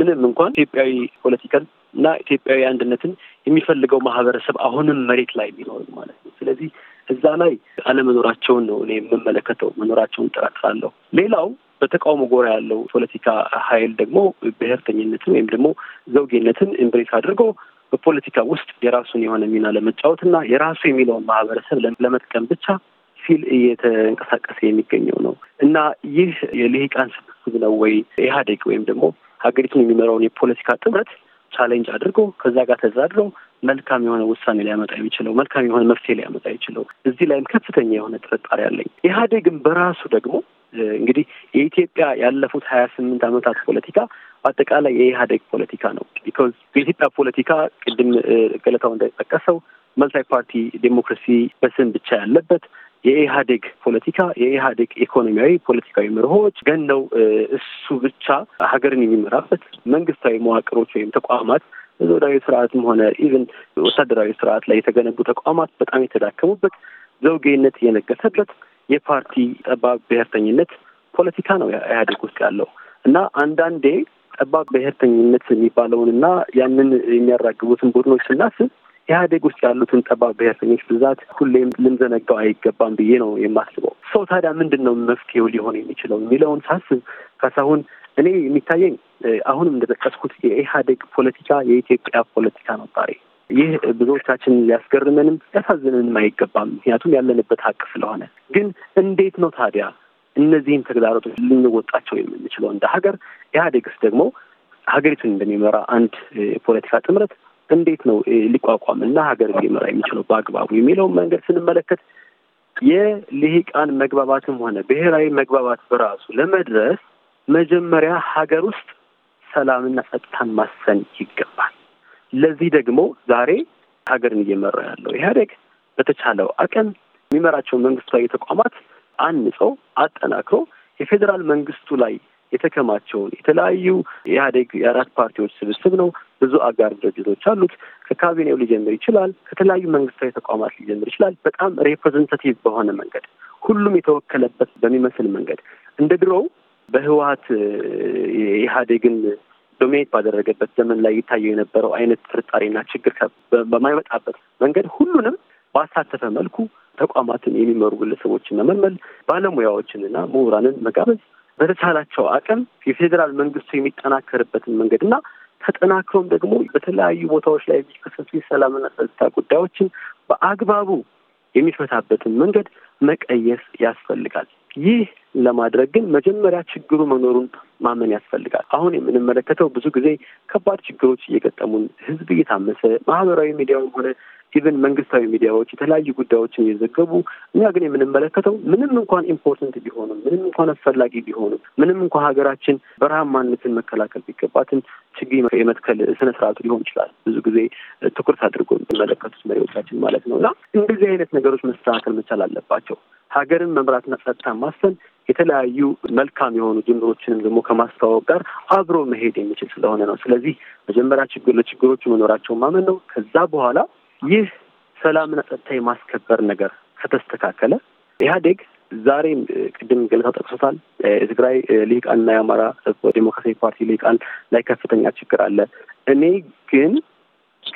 ምንም እንኳን ኢትዮጵያዊ ፖለቲካን እና ኢትዮጵያዊ አንድነትን የሚፈልገው ማህበረሰብ አሁንም መሬት ላይ ቢኖር ማለት ነው። ስለዚህ እዛ ላይ አለመኖራቸውን ነው እኔ የምመለከተው። መኖራቸውን ጠራጥራለሁ። ሌላው በተቃውሞ ጎራ ያለው ፖለቲካ ኃይል ደግሞ ብሔርተኝነትን ወይም ደግሞ ዘውጌነትን ኤምብሬስ አድርጎ በፖለቲካ ውስጥ የራሱን የሆነ ሚና ለመጫወት እና የራሱ የሚለውን ማህበረሰብ ለመጥቀም ብቻ ሲል እየተንቀሳቀሰ የሚገኘው ነው እና ይህ የልሂቃን ስብስብ ነው ወይ ኢህአዴግ ወይም ደግሞ ሀገሪቱን የሚመራውን የፖለቲካ ጥምረት ቻሌንጅ አድርጎ ከዛ ጋር ተዛድሮ መልካም የሆነ ውሳኔ ሊያመጣ የሚችለው መልካም የሆነ መፍትሄ ሊያመጣ የሚችለው እዚህ ላይም ከፍተኛ የሆነ ጥርጣሬ አለኝ። ኢህአዴግን በራሱ ደግሞ እንግዲህ የኢትዮጵያ ያለፉት ሀያ ስምንት ዓመታት ፖለቲካ አጠቃላይ የኢህአዴግ ፖለቲካ ነው። ቢኮዝ የኢትዮጵያ ፖለቲካ ቅድም ገለታው እንደጠቀሰው መልታይ ፓርቲ ዴሞክራሲ በስም ብቻ ያለበት የኢህአዴግ ፖለቲካ የኢህአዴግ ኢኮኖሚያዊ፣ ፖለቲካዊ መርሆች ገነው እሱ ብቻ ሀገርን የሚመራበት መንግስታዊ መዋቅሮች ወይም ተቋማት ዘውዳዊ ስርዓትም ሆነ ኢቨን ወታደራዊ ስርዓት ላይ የተገነቡ ተቋማት በጣም የተዳከሙበት ዘውጌነት የነገሰበት የፓርቲ ጠባብ ብሔርተኝነት ፖለቲካ ነው ኢህአዴግ ውስጥ ያለው እና አንዳንዴ ጠባብ ብሔርተኝነት እና ያንን የሚያራግቡትን ቡድኖች ስናስብ ኢህአዴግ ውስጥ ያሉትን ጠባብ ብሔርተኞች ብዛት ሁሌም ልንዘነጋው አይገባም ብዬ ነው የማስበው። ሰው ታዲያ ምንድን ነው መፍትሄው ሊሆን የሚችለው የሚለውን ሳስብ ካሳሁን፣ እኔ የሚታየኝ አሁንም እንደጠቀስኩት የኢህአዴግ ፖለቲካ የኢትዮጵያ ፖለቲካ ነው ዛሬ ይህ ብዙዎቻችን ሊያስገርመንም ሊያሳዝንንም አይገባም። ምክንያቱም ያለንበት ሀቅ ስለሆነ። ግን እንዴት ነው ታዲያ እነዚህም ተግዳሮቶች ልንወጣቸው የምንችለው እንደ ሀገር? ኢህአዴግስ ደግሞ ሀገሪቱን እንደሚመራ አንድ የፖለቲካ ጥምረት እንዴት ነው ሊቋቋም እና ሀገር ሊመራ የሚችለው በአግባቡ የሚለውን መንገድ ስንመለከት የልሂቃን መግባባትም ሆነ ብሔራዊ መግባባት በራሱ ለመድረስ መጀመሪያ ሀገር ውስጥ ሰላምና ጸጥታን ማሰን ይገባል። ለዚህ ደግሞ ዛሬ ሀገርን እየመራ ያለው ኢህአዴግ በተቻለው አቅም የሚመራቸው መንግስታዊ ተቋማት አንጸው አጠናክሮ የፌዴራል መንግስቱ ላይ የተከማቸውን የተለያዩ ኢህአዴግ የአራት ፓርቲዎች ስብስብ ነው። ብዙ አጋር ድርጅቶች አሉት። ከካቢኔው ሊጀምር ይችላል። ከተለያዩ መንግስታዊ ተቋማት ሊጀምር ይችላል። በጣም ሪፕሬዘንታቲቭ በሆነ መንገድ፣ ሁሉም የተወከለበት በሚመስል መንገድ እንደ ድሮው በህወሀት የኢህአዴግን ዶሚኔት ባደረገበት ዘመን ላይ ይታየው የነበረው አይነት ጥርጣሬና ችግር በማይመጣበት መንገድ ሁሉንም ባሳተፈ መልኩ ተቋማትን የሚመሩ ግለሰቦችን መመልመል፣ ባለሙያዎችንና ምሁራንን መጋበዝ፣ በተቻላቸው አቅም የፌዴራል መንግስቱ የሚጠናከርበትን መንገድ እና ተጠናክሮም ደግሞ በተለያዩ ቦታዎች ላይ የሚከሰቱ የሰላምና ጸጥታ ጉዳዮችን በአግባቡ የሚፈታበትን መንገድ መቀየስ ያስፈልጋል። ይህ ለማድረግ ግን መጀመሪያ ችግሩ መኖሩን ማመን ያስፈልጋል። አሁን የምንመለከተው ብዙ ጊዜ ከባድ ችግሮች እየገጠሙን፣ ህዝብ እየታመሰ ማህበራዊ ሚዲያውም ሆነ ኢቨን መንግስታዊ ሚዲያዎች የተለያዩ ጉዳዮችን እየዘገቡ እኛ ግን የምንመለከተው ምንም እንኳን ኢምፖርተንት ቢሆኑም ምንም እንኳን አስፈላጊ ቢሆኑም ምንም እንኳን ሀገራችን በረሃማነትን መከላከል ቢገባትን ችግኝ የመትከል ስነ ስርዓቱ ሊሆን ይችላል ብዙ ጊዜ ትኩረት አድርጎ የሚመለከቱት መሪዎቻችን ማለት ነው እና እንደዚህ አይነት ነገሮች መስተካከል መቻል አለባቸው። ሀገርን መምራትና ጸጥታ ማሰን የተለያዩ መልካም የሆኑ ጅምሮችንም ደግሞ ከማስተዋወቅ ጋር አብሮ መሄድ የሚችል ስለሆነ ነው። ስለዚህ መጀመሪያ ችግር ለችግሮቹ መኖራቸውን ማመን ነው። ከዛ በኋላ ይህ ሰላምና ጸጥታ የማስከበር ነገር ከተስተካከለ ኢህአዴግ ዛሬም ቅድም ገለታ ጠቅሶታል። የትግራይ ልሂቃንና የአማራ ዴሞክራሲያዊ ፓርቲ ሊቃን ላይ ከፍተኛ ችግር አለ። እኔ ግን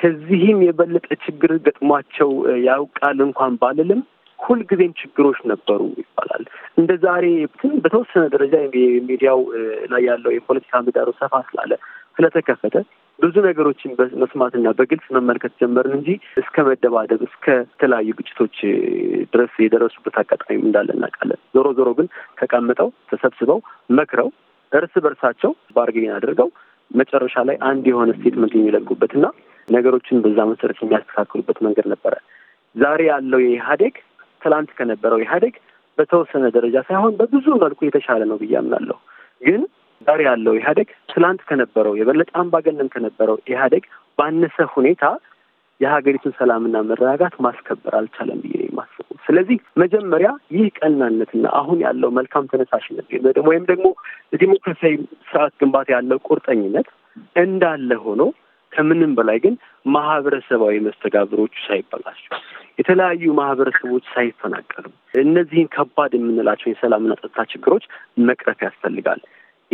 ከዚህም የበለጠ ችግር ገጥሟቸው ያውቃል እንኳን ባልልም ሁልጊዜም ችግሮች ነበሩ ይባላል። እንደ ዛሬ ግን በተወሰነ ደረጃ ሚዲያው ላይ ያለው የፖለቲካ ምህዳሩ ሰፋ ስላለ ስለተከፈተ ብዙ ነገሮችን መስማትና በግልጽ መመልከት ጀመርን እንጂ እስከ መደባደብ እስከ ተለያዩ ግጭቶች ድረስ የደረሱበት አጋጣሚ እንዳለ እናውቃለን። ዞሮ ዞሮ ግን ተቀምጠው ተሰብስበው መክረው እርስ በርሳቸው ባርጌን አድርገው መጨረሻ ላይ አንድ የሆነ ስቴትመንት የሚለቁበትና ነገሮችን በዛ መሰረት የሚያስተካክሉበት መንገድ ነበረ። ዛሬ ያለው የኢህአዴግ ትላንት ከነበረው ኢህአዴግ በተወሰነ ደረጃ ሳይሆን በብዙ መልኩ የተሻለ ነው ብዬ አምናለሁ። ግን ዛሬ ያለው ኢህአዴግ ትላንት ከነበረው የበለጠ አምባገነን ከነበረው ኢህአዴግ ባነሰ ሁኔታ የሀገሪቱን ሰላምና መረጋጋት ማስከበር አልቻለም ብዬ ነው የማስበው። ስለዚህ መጀመሪያ ይህ ቀናነትና አሁን ያለው መልካም ተነሳሽነት ወይም ደግሞ ዲሞክራሲያዊ ስርዓት ግንባታ ያለው ቁርጠኝነት እንዳለ ሆኖ ከምንም በላይ ግን ማህበረሰባዊ መስተጋብሮቹ ሳይበላቸው የተለያዩ ማህበረሰቦች ሳይፈናቀሉ እነዚህን ከባድ የምንላቸው የሰላምና ጸጥታ ችግሮች መቅረፍ ያስፈልጋል።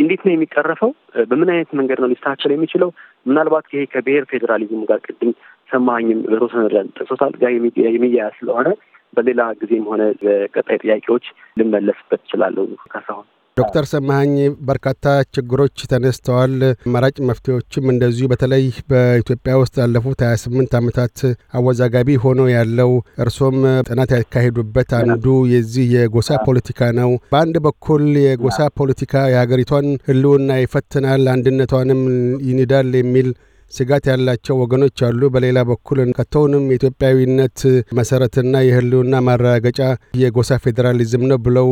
እንዴት ነው የሚቀረፈው? በምን አይነት መንገድ ነው ሊስተካከል የሚችለው? ምናልባት ይሄ ከብሔር ፌዴራሊዝም ጋር ቅድም ሰማኝም በተወሰነ ደረጃ ጠቅሶታል ጋር የሚያያዝ ስለሆነ በሌላ ጊዜም ሆነ በቀጣይ ጥያቄዎች ልመለስበት እችላለሁ ካሳሁን። ዶክተር ሰማሀኝ በርካታ ችግሮች ተነስተዋል፣ መራጭ መፍትሄዎችም እንደዚሁ። በተለይ በኢትዮጵያ ውስጥ ላለፉት 28 ዓመታት አወዛጋቢ ሆኖ ያለው እርሶም ጥናት ያካሄዱበት አንዱ የዚህ የጎሳ ፖለቲካ ነው። በአንድ በኩል የጎሳ ፖለቲካ የሀገሪቷን ሕልውና ይፈትናል፣ አንድነቷንም ይንዳል የሚል ስጋት ያላቸው ወገኖች አሉ። በሌላ በኩል ከቶውንም የኢትዮጵያዊነት መሰረትና የህልውና ማረጋገጫ የጎሳ ፌዴራሊዝም ነው ብለው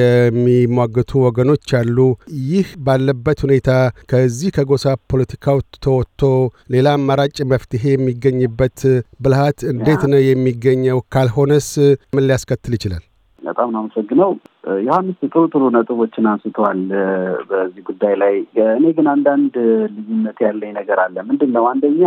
የሚሟገቱ ወገኖች አሉ። ይህ ባለበት ሁኔታ ከዚህ ከጎሳ ፖለቲካው ተወጥቶ ሌላ አማራጭ መፍትሄ የሚገኝበት ብልሃት እንዴት ነው የሚገኘው? ካልሆነስ ምን ሊያስከትል ይችላል? በጣም ነው አመሰግነው። ዮሐንስ ጥሩ ጥሩ ነጥቦችን አንስተዋል በዚህ ጉዳይ ላይ። እኔ ግን አንዳንድ ልዩነት ያለኝ ነገር አለ። ምንድን ነው አንደኛ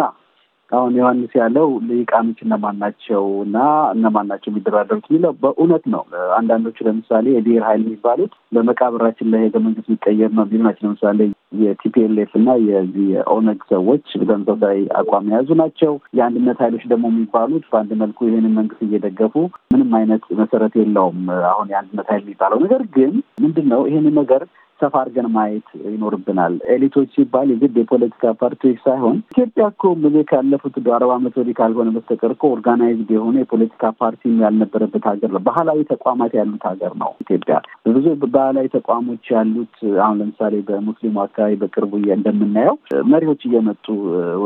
አሁን ዮሐንስ ያለው ልሂቃኖች እነማን ናቸው እና እነማን ናቸው የሚደራደሩት የሚለው በእውነት ነው። አንዳንዶቹ ለምሳሌ የብሔር ኃይል የሚባሉት በመቃብራችን ላይ ህገ መንግስት የሚቀየር ነው ቢሉ ናቸው። ለምሳሌ የቲፒኤልኤፍ እና የኦነግ ሰዎች በተመሳሳይ አቋም የያዙ ናቸው። የአንድነት ኃይሎች ደግሞ የሚባሉት በአንድ መልኩ ይህንን መንግስት እየደገፉ ምንም አይነት መሰረት የለውም አሁን የአንድነት ኃይል የሚባለው ነገር ግን ምንድን ነው ይህንን ነገር ሰፋ አድርገን ማየት ይኖርብናል። ኤሊቶች ሲባል የግድ የፖለቲካ ፓርቲዎች ሳይሆን ኢትዮጵያ እኮ ብዙ ካለፉት አርባ ዓመት ወዲህ ካልሆነ በስተቀር እኮ ኦርጋናይዝድ የሆነ የፖለቲካ ፓርቲ ያልነበረበት ሀገር ነው። ባህላዊ ተቋማት ያሉት ሀገር ነው ኢትዮጵያ። ብዙ ባህላዊ ተቋሞች ያሉት አሁን ለምሳሌ በሙስሊሙ አካባቢ በቅርቡ እንደምናየው መሪዎች እየመጡ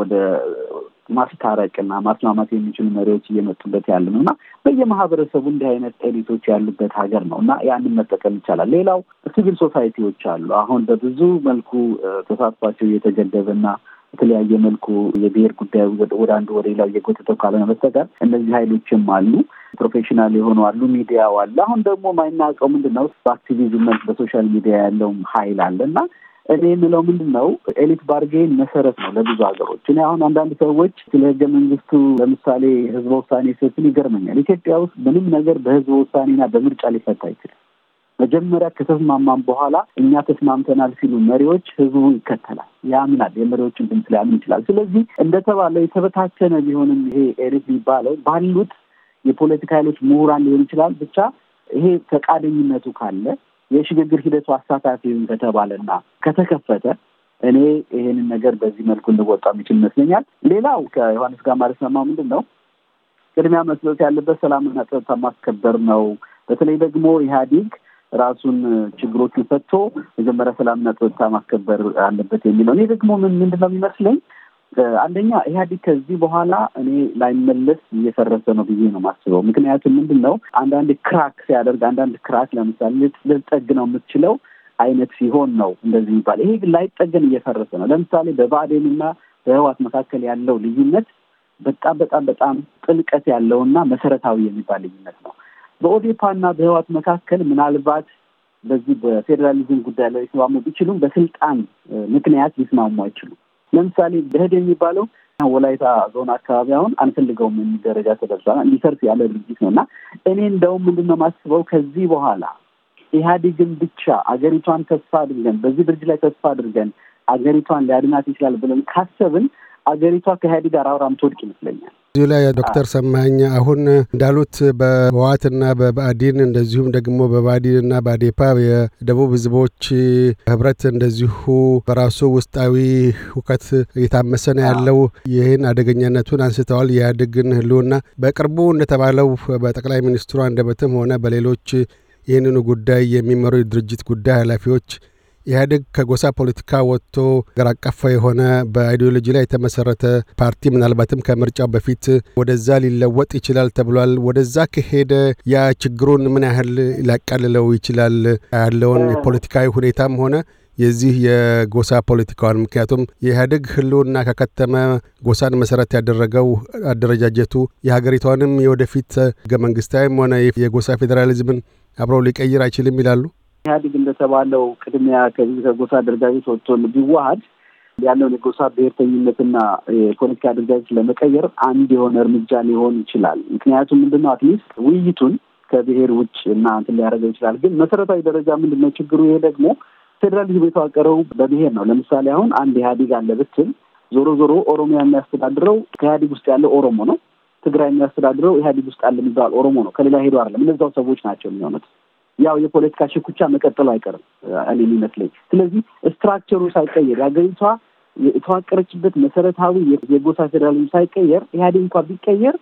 ወደ ማስታረቅና ማስማማት የሚችሉ መሪዎች እየመጡበት ያለ ነው እና በየማህበረሰቡ እንዲህ አይነት ኤሊቶች ያሉበት ሀገር ነው እና ያንን መጠቀም ይቻላል። ሌላው ሲቪል ሶሳይቲዎች አሉ። አሁን በብዙ መልኩ ተሳትፏቸው እየተገደበና በተለያየ መልኩ የብሔር ጉዳዩ ወደ አንዱ ወደ ሌላው እየጎተተው ካልሆነ በስተቀር እነዚህ ሀይሎችም አሉ። ፕሮፌሽናል የሆኑ አሉ። ሚዲያው አለ። አሁን ደግሞ ማይናቀው ምንድን ነው በአክቲቪዝም መልክ በሶሻል ሚዲያ ያለውም ሀይል አለ እና እኔ የምለው ምንድን ነው ኤሊት ባርጌን መሰረት ነው ለብዙ ሀገሮች። እኔ አሁን አንዳንድ ሰዎች ስለ ህገ መንግስቱ ለምሳሌ ህዝበ ውሳኔ ስስል ይገርመኛል። ኢትዮጵያ ውስጥ ምንም ነገር በህዝበ ውሳኔና በምርጫ ሊፈታ አይችልም። መጀመሪያ ከተስማማም በኋላ እኛ ተስማምተናል ሲሉ መሪዎች ህዝቡ ይከተላል፣ ያምናል፣ የመሪዎችን ድምፅ ሊያምን ይችላል። ስለዚህ እንደተባለው የተበታተነ ቢሆንም ይሄ ኤሊት የሚባለው ባሉት የፖለቲካ ኃይሎች ምሁራን ሊሆን ይችላል ብቻ ይሄ ፈቃደኝነቱ ካለ የሽግግር ሂደቱ አሳታፊ ከተባለና ከተከፈተ እኔ ይሄንን ነገር በዚህ መልኩ እንወጣ የሚችል ይመስለኛል። ሌላው ከዮሐንስ ጋር ማለት ሰማ ምንድን ነው ቅድሚያ መስሎት ያለበት ሰላምና ጸጥታ ማስከበር ነው። በተለይ ደግሞ ኢህአዲግ ራሱን ችግሮቹን ፈቶ መጀመሪያ ሰላምና ጸጥታ ማስከበር አለበት የሚለው እኔ ደግሞ ምን ምንድን ነው የሚመስለኝ አንደኛ ኢህአዴግ ከዚህ በኋላ እኔ ላይመለስ እየፈረሰ ነው ብዬ ነው ማስበው። ምክንያቱም ምንድን ነው አንዳንድ ክራክ ሲያደርግ አንዳንድ ክራክ ለምሳሌ ልጠግ ነው የምትችለው አይነት ሲሆን ነው እንደዚህ የሚባል። ይሄ ግን ላይጠገን እየፈረሰ ነው። ለምሳሌ በብአዴንና በህዋት መካከል ያለው ልዩነት በጣም በጣም በጣም ጥልቀት ያለውና መሰረታዊ የሚባል ልዩነት ነው። በኦዴፓና በህዋት መካከል ምናልባት በዚህ በፌዴራሊዝም ጉዳይ ላይ ሊስማሙ ቢችሉም በስልጣን ምክንያት ሊስማሙ አይችሉም። ለምሳሌ ደህድ የሚባለው ወላይታ ዞን አካባቢ አሁን አንፈልገውም የሚል ደረጃ ተደርሷል። እንዲሰርፍ ያለ ድርጅት ነው እና እኔ እንደውም ምንድን ነው የማስበው ከዚህ በኋላ ኢህአዴግን ብቻ አገሪቷን ተስፋ አድርገን በዚህ ድርጅት ላይ ተስፋ አድርገን አገሪቷን ሊያድናት ይችላል ብለን ካሰብን አገሪቷ ከኢህአዴግ አራውራም ትወድቅ ይመስለኛል። እዚሁ ላይ ዶክተር ሰማኸኝ አሁን እንዳሉት በህወሓትና በብአዴን እንደዚሁም ደግሞ በብአዴንና በአዴፓ የደቡብ ህዝቦች ህብረት እንደዚሁ በራሱ ውስጣዊ ሁከት እየታመሰ ነው ያለው። ይህን አደገኛነቱን አንስተዋል። የኢህአዴግን ህልውና በቅርቡ እንደተባለው በጠቅላይ ሚኒስትሩ አንደበትም ሆነ በሌሎች ይህንኑ ጉዳይ የሚመሩ የድርጅት ጉዳይ ኃላፊዎች ኢህአዴግ ከጎሳ ፖለቲካ ወጥቶ አገር አቀፍ የሆነ በአይዲዮሎጂ ላይ የተመሰረተ ፓርቲ ምናልባትም ከምርጫው በፊት ወደዛ ሊለወጥ ይችላል ተብሏል። ወደዛ ከሄደ ያ ችግሩን ምን ያህል ሊያቃልለው ይችላል? ያለውን የፖለቲካዊ ሁኔታም ሆነ የዚህ የጎሳ ፖለቲካዋን ምክንያቱም የኢህአዴግ ህልውና ከከተመ ጎሳን መሰረት ያደረገው አደረጃጀቱ የሀገሪቷንም የወደፊት ህገ መንግስታዊም ሆነ የጎሳ ፌዴራሊዝምን አብረው ሊቀይር አይችልም ይላሉ። ኢህአዴግ እንደተባለው ቅድሚያ ከዚህ ከጎሳ አደረጃጀት ወጥቶ ቢዋሀድ ያለውን የጎሳ ብሔርተኝነትና የፖለቲካ አደረጃጀት ለመቀየር አንድ የሆነ እርምጃ ሊሆን ይችላል። ምክንያቱም ምንድነው አትሊስት ውይይቱን ከብሔር ውጭ እና እንትን ሊያደርገው ይችላል። ግን መሰረታዊ ደረጃ ምንድነው ችግሩ? ይሄ ደግሞ ፌዴራሊዝም የተዋቀረው በብሔር ነው። ለምሳሌ አሁን አንድ ኢህአዴግ አለ ብትል፣ ዞሮ ዞሮ ኦሮሚያ የሚያስተዳድረው ከኢህአዴግ ውስጥ ያለው ኦሮሞ ነው። ትግራይ የሚያስተዳድረው ኢህአዴግ ውስጥ አለ የሚባል ኦሮሞ ነው። ከሌላ ሄዶ አይደለም። እነዛው ሰዎች ናቸው የሚሆኑት ያው የፖለቲካ ሽኩቻ መቀጠሉ አይቀርም እኔ የሚመስለኝ። ስለዚህ ስትራክቸሩ ሳይቀየር የሀገሪቷ የተዋቀረችበት መሰረታዊ የጎሳ ፌዴራሊዝም ሳይቀየር ኢህአዴግ እንኳ ቢቀየር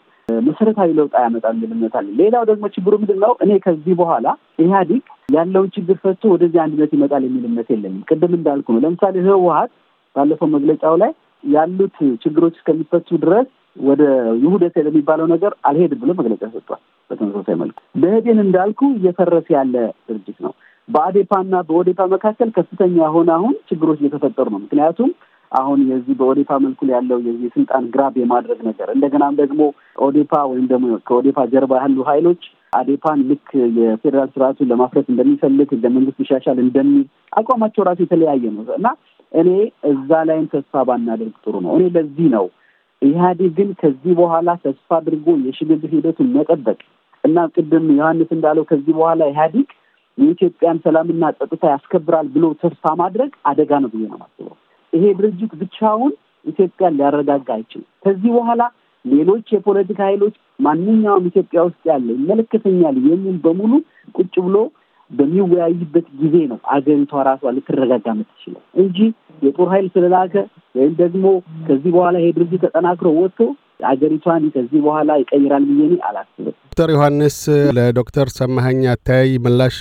መሰረታዊ ለውጥ አያመጣም እምነት አለ። ሌላው ደግሞ ችግሩ ምንድን ነው? እኔ ከዚህ በኋላ ኢህአዴግ ያለውን ችግር ፈቶ ወደዚህ አንድነት ይመጣል የሚል እምነት የለኝም። ቅድም እንዳልኩ ነው። ለምሳሌ ህወሀት ባለፈው መግለጫው ላይ ያሉት ችግሮች እስከሚፈቱ ድረስ ወደ ውህደት ለሚባለው ነገር አልሄድም ብሎ መግለጫ ሰጥቷል። በተመሳሳይ መልኩ ደህዴን እንዳልኩ እየፈረሰ ያለ ድርጅት ነው። በአዴፓ በኦዴፓ መካከል ከፍተኛ የሆነ አሁን ችግሮች እየተፈጠሩ ነው። ምክንያቱም አሁን የዚህ በኦዴፓ መልኩ ያለው የዚህ የስልጣን ግራብ የማድረግ ነገር እንደገናም ደግሞ ኦዴፓ ወይም ደግሞ ከኦዴፓ ጀርባ ያሉ ኃይሎች አዴፓን ልክ የፌዴራል ስርዓቱን ለማፍረስ እንደሚፈልግ እንደ መንግስት ይሻሻል እንደሚ አቋማቸው ራሱ የተለያየ ነው እና እኔ እዛ ላይም ተስፋ ባናደርግ ጥሩ ነው። እኔ ለዚህ ነው ኢህአዴግ ግን ከዚህ በኋላ ተስፋ አድርጎ የሽግግር ሂደቱን መጠበቅ እና ቅድም ዮሐንስ እንዳለው ከዚህ በኋላ ኢህአዲግ የኢትዮጵያን ሰላምና ጸጥታ ያስከብራል ብሎ ተስፋ ማድረግ አደጋ ነው ብዬ ነው የማስበው። ይሄ ድርጅት ብቻውን ኢትዮጵያን ሊያረጋጋ አይችልም። ከዚህ በኋላ ሌሎች የፖለቲካ ኃይሎች ማንኛውም ኢትዮጵያ ውስጥ ያለ ይመለከተኛል የሚል በሙሉ ቁጭ ብሎ በሚወያይበት ጊዜ ነው አገሪቷ ራሷ ልትረጋጋ የምትችለው እንጂ የጦር ኃይል ስለላከ ወይም ደግሞ ከዚህ በኋላ ይሄ ድርጅት ተጠናክሮ ወጥቶ አገሪቷን ከዚህ በኋላ ይቀይራል ብዬ አላስብም። ዶክተር ዮሐንስ ለዶክተር ሰማሀኝ አተያይ ምላሽ።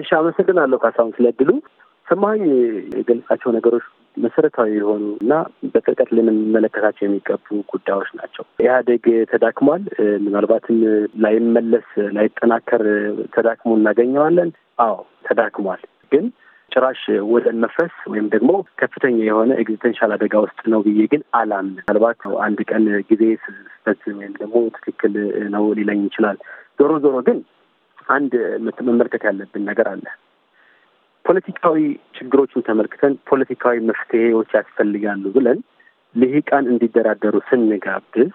እሺ፣ አመሰግናለሁ ካሳሁን ስለድሉ። ሰማሀኝ የገለጻቸው ነገሮች መሰረታዊ የሆኑ እና በጥልቀት ልንመለከታቸው የሚገቡ ጉዳዮች ናቸው። ኢህአዴግ ተዳክሟል። ምናልባትም ላይመለስ ላይጠናከር ተዳክሞ እናገኘዋለን። አዎ ተዳክሟል ግን ጭራሽ ወደ መፍረስ ወይም ደግሞ ከፍተኛ የሆነ ኤግዚስተንሻል አደጋ ውስጥ ነው ብዬ ግን አላም ምናልባት አንድ ቀን ጊዜ ስህተት ወይም ደግሞ ትክክል ነው ሊለኝ ይችላል። ዞሮ ዞሮ ግን አንድ መመልከት ያለብን ነገር አለ። ፖለቲካዊ ችግሮችን ተመልክተን ፖለቲካዊ መፍትሄዎች ያስፈልጋሉ ብለን ልሂቃን እንዲደራደሩ ስንጋብዝ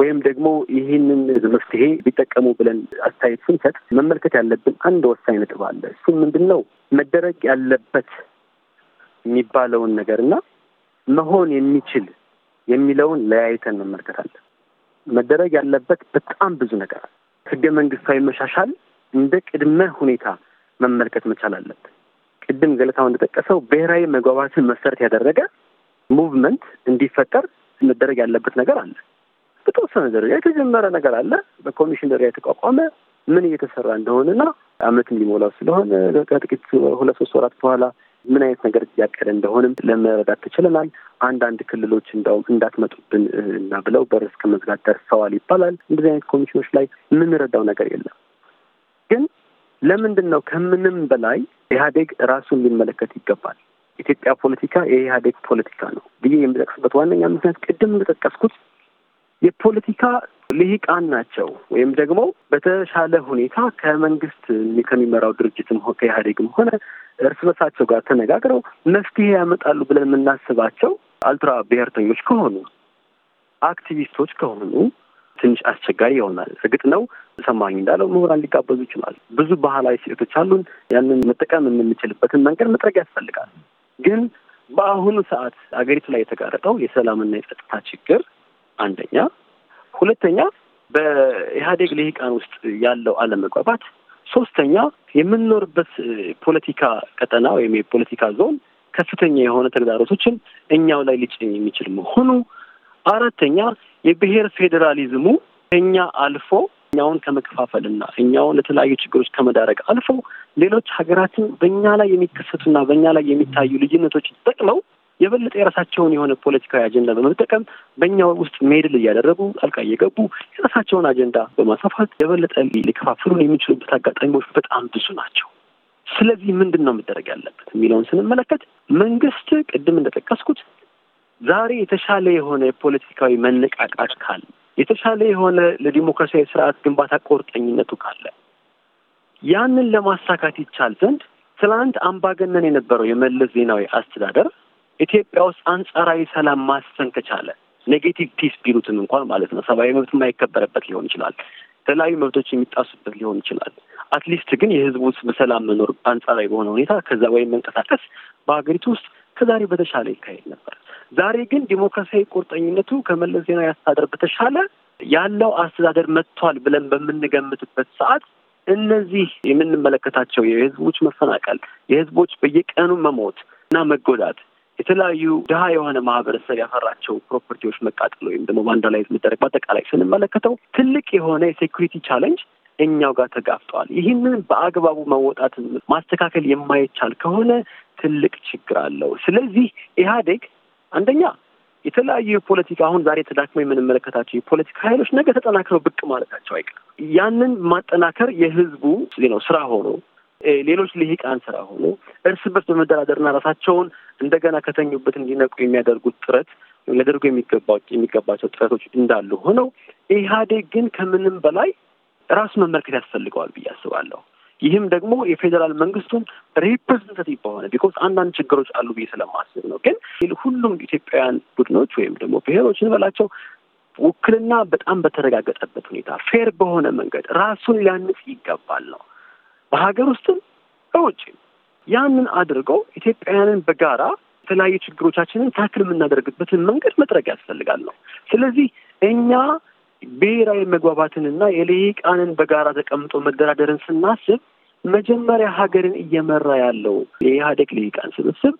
ወይም ደግሞ ይህንን መፍትሄ ቢጠቀሙ ብለን አስተያየት ስንሰጥ መመልከት ያለብን አንድ ወሳኝ ነጥብ አለ። እሱም ምንድን ነው? መደረግ ያለበት የሚባለውን ነገር እና መሆን የሚችል የሚለውን ለያይተን መመልከት አለ። መደረግ ያለበት በጣም ብዙ ነገር አለ። ህገ መንግስታዊ መሻሻል እንደ ቅድመ ሁኔታ መመልከት መቻል አለብን። ቅድም ገለታው እንደጠቀሰው ብሔራዊ መግባባትን መሰረት ያደረገ ሙቭመንት እንዲፈጠር መደረግ ያለበት ነገር አለ። በተወሰነ ደረጃ የተጀመረ ነገር አለ። በኮሚሽን ደረጃ የተቋቋመ ምን እየተሰራ እንደሆነና አመት የሚሞላው ስለሆነ ከጥቂት ሁለት ሶስት ወራት በኋላ ምን አይነት ነገር እያቀደ እንደሆንም ለመረዳት ትችለናል። አንዳንድ ክልሎች እንዳውም እንዳትመጡብን እና ብለው በር እስከ መዝጋት ደርሰዋል ይባላል። እንደዚህ አይነት ኮሚሽኖች ላይ የምንረዳው ነገር የለም። ግን ለምንድን ነው ከምንም በላይ ኢህአዴግ ራሱን ሊመለከት ይገባል። ኢትዮጵያ ፖለቲካ የኢህአዴግ ፖለቲካ ነው ብዬ የምጠቅስበት ዋነኛ ምክንያት ቅድም እንደጠቀስኩት የፖለቲካ ልሂቃን ናቸው ወይም ደግሞ በተሻለ ሁኔታ ከመንግስት ከሚመራው ድርጅትም ከኢህአዴግም ሆነ እርስ በሳቸው ጋር ተነጋግረው መፍትሄ ያመጣሉ ብለን የምናስባቸው አልትራ ብሔርተኞች ከሆኑ አክቲቪስቶች ከሆኑ ትንሽ አስቸጋሪ ይሆናል። እርግጥ ነው ሰማኝ እንዳለው ምሁራን ሊጋበዙ ይችላል። ብዙ ባህላዊ ሴቶች አሉን። ያንን መጠቀም የምንችልበትን መንገድ መጥረግ ያስፈልጋል። ግን በአሁኑ ሰዓት አገሪቱ ላይ የተጋረጠው የሰላምና የጸጥታ ችግር አንደኛ። ሁለተኛ በኢህአዴግ ልሂቃን ውስጥ ያለው አለመግባባት። ሶስተኛ የምንኖርበት ፖለቲካ ቀጠና ወይም የፖለቲካ ዞን ከፍተኛ የሆነ ተግዳሮቶችን እኛው ላይ ሊጭኝ የሚችል መሆኑ። አራተኛ የብሔር ፌዴራሊዝሙ እኛ አልፎ እኛውን ከመከፋፈልና እኛውን ለተለያዩ ችግሮች ከመዳረግ አልፎ ሌሎች ሀገራትን በእኛ ላይ የሚከሰቱና በእኛ ላይ የሚታዩ ልዩነቶች ተጠቅመው የበለጠ የራሳቸውን የሆነ ፖለቲካዊ አጀንዳ በመጠቀም በእኛ ውስጥ ሜድል እያደረጉ ጣልቃ እየገቡ የራሳቸውን አጀንዳ በማስፋፋት የበለጠ ሊከፋፍሉን የሚችሉበት አጋጣሚዎች በጣም ብዙ ናቸው። ስለዚህ ምንድን ነው መደረግ ያለበት የሚለውን ስንመለከት መንግስት ቅድም እንደጠቀስኩት ዛሬ የተሻለ የሆነ የፖለቲካዊ መነቃቃት ካለ የተሻለ የሆነ ለዲሞክራሲያዊ ስርዓት ግንባታ ቁርጠኝነቱ ካለ ያንን ለማሳካት ይቻል ዘንድ ትናንት አምባገነን የነበረው የመለስ ዜናዊ አስተዳደር ኢትዮጵያ ውስጥ አንጻራዊ ሰላም ማስፈን ከቻለ ኔጌቲቭ ፒስ ቢሉትም እንኳን ማለት ነው ሰብአዊ መብት የማይከበረበት ሊሆን ይችላል፣ የተለያዩ መብቶች የሚጣሱበት ሊሆን ይችላል። አትሊስት ግን የህዝቡ ውስጥ በሰላም መኖር አንጻራዊ በሆነ ሁኔታ ከዛ ወይም መንቀሳቀስ በሀገሪቱ ውስጥ ከዛሬ በተሻለ ይካሄድ ነበር። ዛሬ ግን ዲሞክራሲያዊ ቁርጠኝነቱ ከመለስ ዜናዊ አስተዳደር በተሻለ ያለው አስተዳደር መጥቷል ብለን በምንገምትበት ሰዓት እነዚህ የምንመለከታቸው የህዝቦች መፈናቀል፣ የህዝቦች በየቀኑ መሞት እና መጎዳት የተለያዩ ድሀ የሆነ ማህበረሰብ ያፈራቸው ፕሮፐርቲዎች መቃጠል ወይም ደግሞ ቫንዳላይዝ መደረግ በአጠቃላይ ስንመለከተው ትልቅ የሆነ የሴኩሪቲ ቻለንጅ እኛው ጋር ተጋፍጠዋል። ይህንን በአግባቡ መወጣት ማስተካከል የማይቻል ከሆነ ትልቅ ችግር አለው። ስለዚህ ኢህአዴግ አንደኛ የተለያዩ የፖለቲካ አሁን ዛሬ ተዳክመው የምንመለከታቸው የፖለቲካ ኃይሎች ነገ ተጠናክረው ብቅ ማለታቸው አይቀርም። ያንን ማጠናከር የህዝቡ ነው ስራ ሆኖ ሌሎች ልሂቃን ስራ ሆኖ እርስ በርስ በመደራደርና ራሳቸውን እንደገና ከተኙበት እንዲነቁ የሚያደርጉት ጥረት ሊያደርጉ የሚገባቸው ጥረቶች እንዳሉ ሆነው ኢህአዴግ ግን ከምንም በላይ ራሱ መመልከት ያስፈልገዋል ብዬ አስባለሁ። ይህም ደግሞ የፌዴራል መንግስቱን ሪፕሬዘንታቲቭ በሆነ ቢኮዝ አንዳንድ ችግሮች አሉ ብዬ ስለማስብ ነው። ግን ሁሉም ኢትዮጵያውያን ቡድኖች ወይም ደግሞ ብሔሮች እንበላቸው ውክልና በጣም በተረጋገጠበት ሁኔታ ፌር በሆነ መንገድ ራሱን ሊያንጽ ይገባል ነው በሀገር ውስጥም በውጭ ያንን አድርገው ኢትዮጵያውያንን በጋራ የተለያዩ ችግሮቻችንን ታክል የምናደርግበትን መንገድ መጥረግ ያስፈልጋል ነው። ስለዚህ እኛ ብሔራዊ መግባባትንና የልሂቃንን በጋራ ተቀምጦ መደራደርን ስናስብ መጀመሪያ ሀገርን እየመራ ያለው የኢህአዴግ ልሂቃን ስብስብ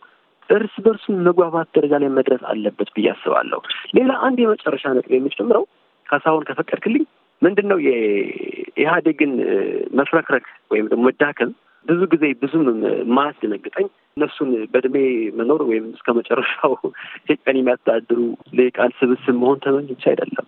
እርስ በርሱ መግባባት ደረጃ ላይ መድረስ አለበት ብዬ አስባለሁ። ሌላ አንድ የመጨረሻ ነጥብ የሚጨምረው ካሳሁን ከፈቀድክልኝ ምንድን ነው የኢህአዴግን መፍረክረክ ወይም ደግሞ መዳከም ብዙ ጊዜ ብዙም ማያስደነግጠኝ እነሱን በእድሜ መኖር ወይም እስከ መጨረሻው ኢትዮጵያን የሚያስተዳድሩ ልሂቃን ስብስብ መሆን ተመኝቼ አይደለም።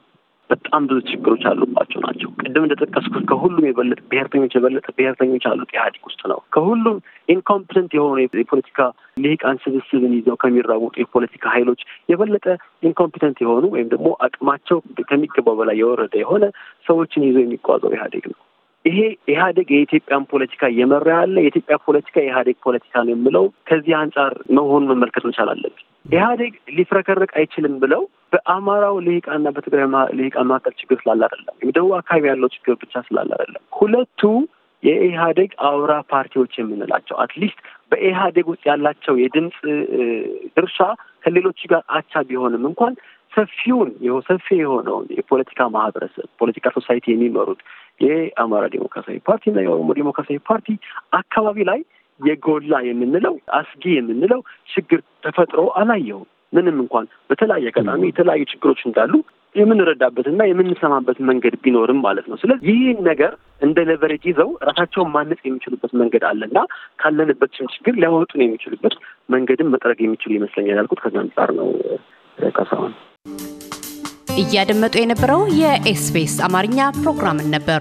በጣም ብዙ ችግሮች አሉባቸው ናቸው። ቅድም እንደጠቀስኩት ከሁሉም የበለጠ ብሔርተኞች የበለጠ ብሔርተኞች ያሉት ኢህአዴግ ውስጥ ነው። ከሁሉም ኢንኮምፕተንት የሆኑ የፖለቲካ ልሂቃን ስብስብን ይዘው ከሚራወጡ የፖለቲካ ኃይሎች የበለጠ ኢንኮምፕተንት የሆኑ ወይም ደግሞ አቅማቸው ከሚገባው በላይ የወረደ የሆነ ሰዎችን ይዞ የሚጓዘው ኢህአዴግ ነው። ይሄ ኢህአዴግ የኢትዮጵያን ፖለቲካ እየመራ ያለ የኢትዮጵያ ፖለቲካ የኢህአዴግ ፖለቲካ ነው የምለው ከዚህ አንጻር መሆኑን መመልከት መቻል አለብን። ኢህአዴግ ሊፍረከረቅ አይችልም ብለው በአማራው ልሂቃና በትግራይ ልሂቃን መካከል ችግር ስላለ አይደለም፣ ደቡብ አካባቢ ያለው ችግር ብቻ ስላለ አይደለም። ሁለቱ የኢህአዴግ አውራ ፓርቲዎች የምንላቸው አትሊስት በኢህአዴግ ውስጥ ያላቸው የድምፅ ድርሻ ከሌሎች ጋር አቻ ቢሆንም እንኳን ሰፊውን ሰፊ የሆነውን የፖለቲካ ማህበረሰብ ፖለቲካ ሶሳይቲ የሚመሩት የአማራ ዴሞክራሲያዊ እና የኦሮሞ ዴሞክራሲያዊ ፓርቲ አካባቢ ላይ የጎላ የምንለው አስጊ የምንለው ችግር ተፈጥሮ አላየውም። ምንም እንኳን በተለያየ አጋጣሚ የተለያዩ ችግሮች እንዳሉ የምንረዳበትና የምንሰማበት መንገድ ቢኖርም ማለት ነው። ስለዚህ ይህን ነገር እንደ ሌቨሬጅ ይዘው ራሳቸውን ማነጽ የሚችሉበት መንገድ አለና ካለንበት ችግር ሊያወጡን የሚችሉበት መንገድም መጥረግ የሚችሉ ይመስለኛል ያልኩት ከዚ አንጻር ነው። ካሳሁን እያደመጡ የነበረው የኤስቢኤስ አማርኛ ፕሮግራምን ነበር።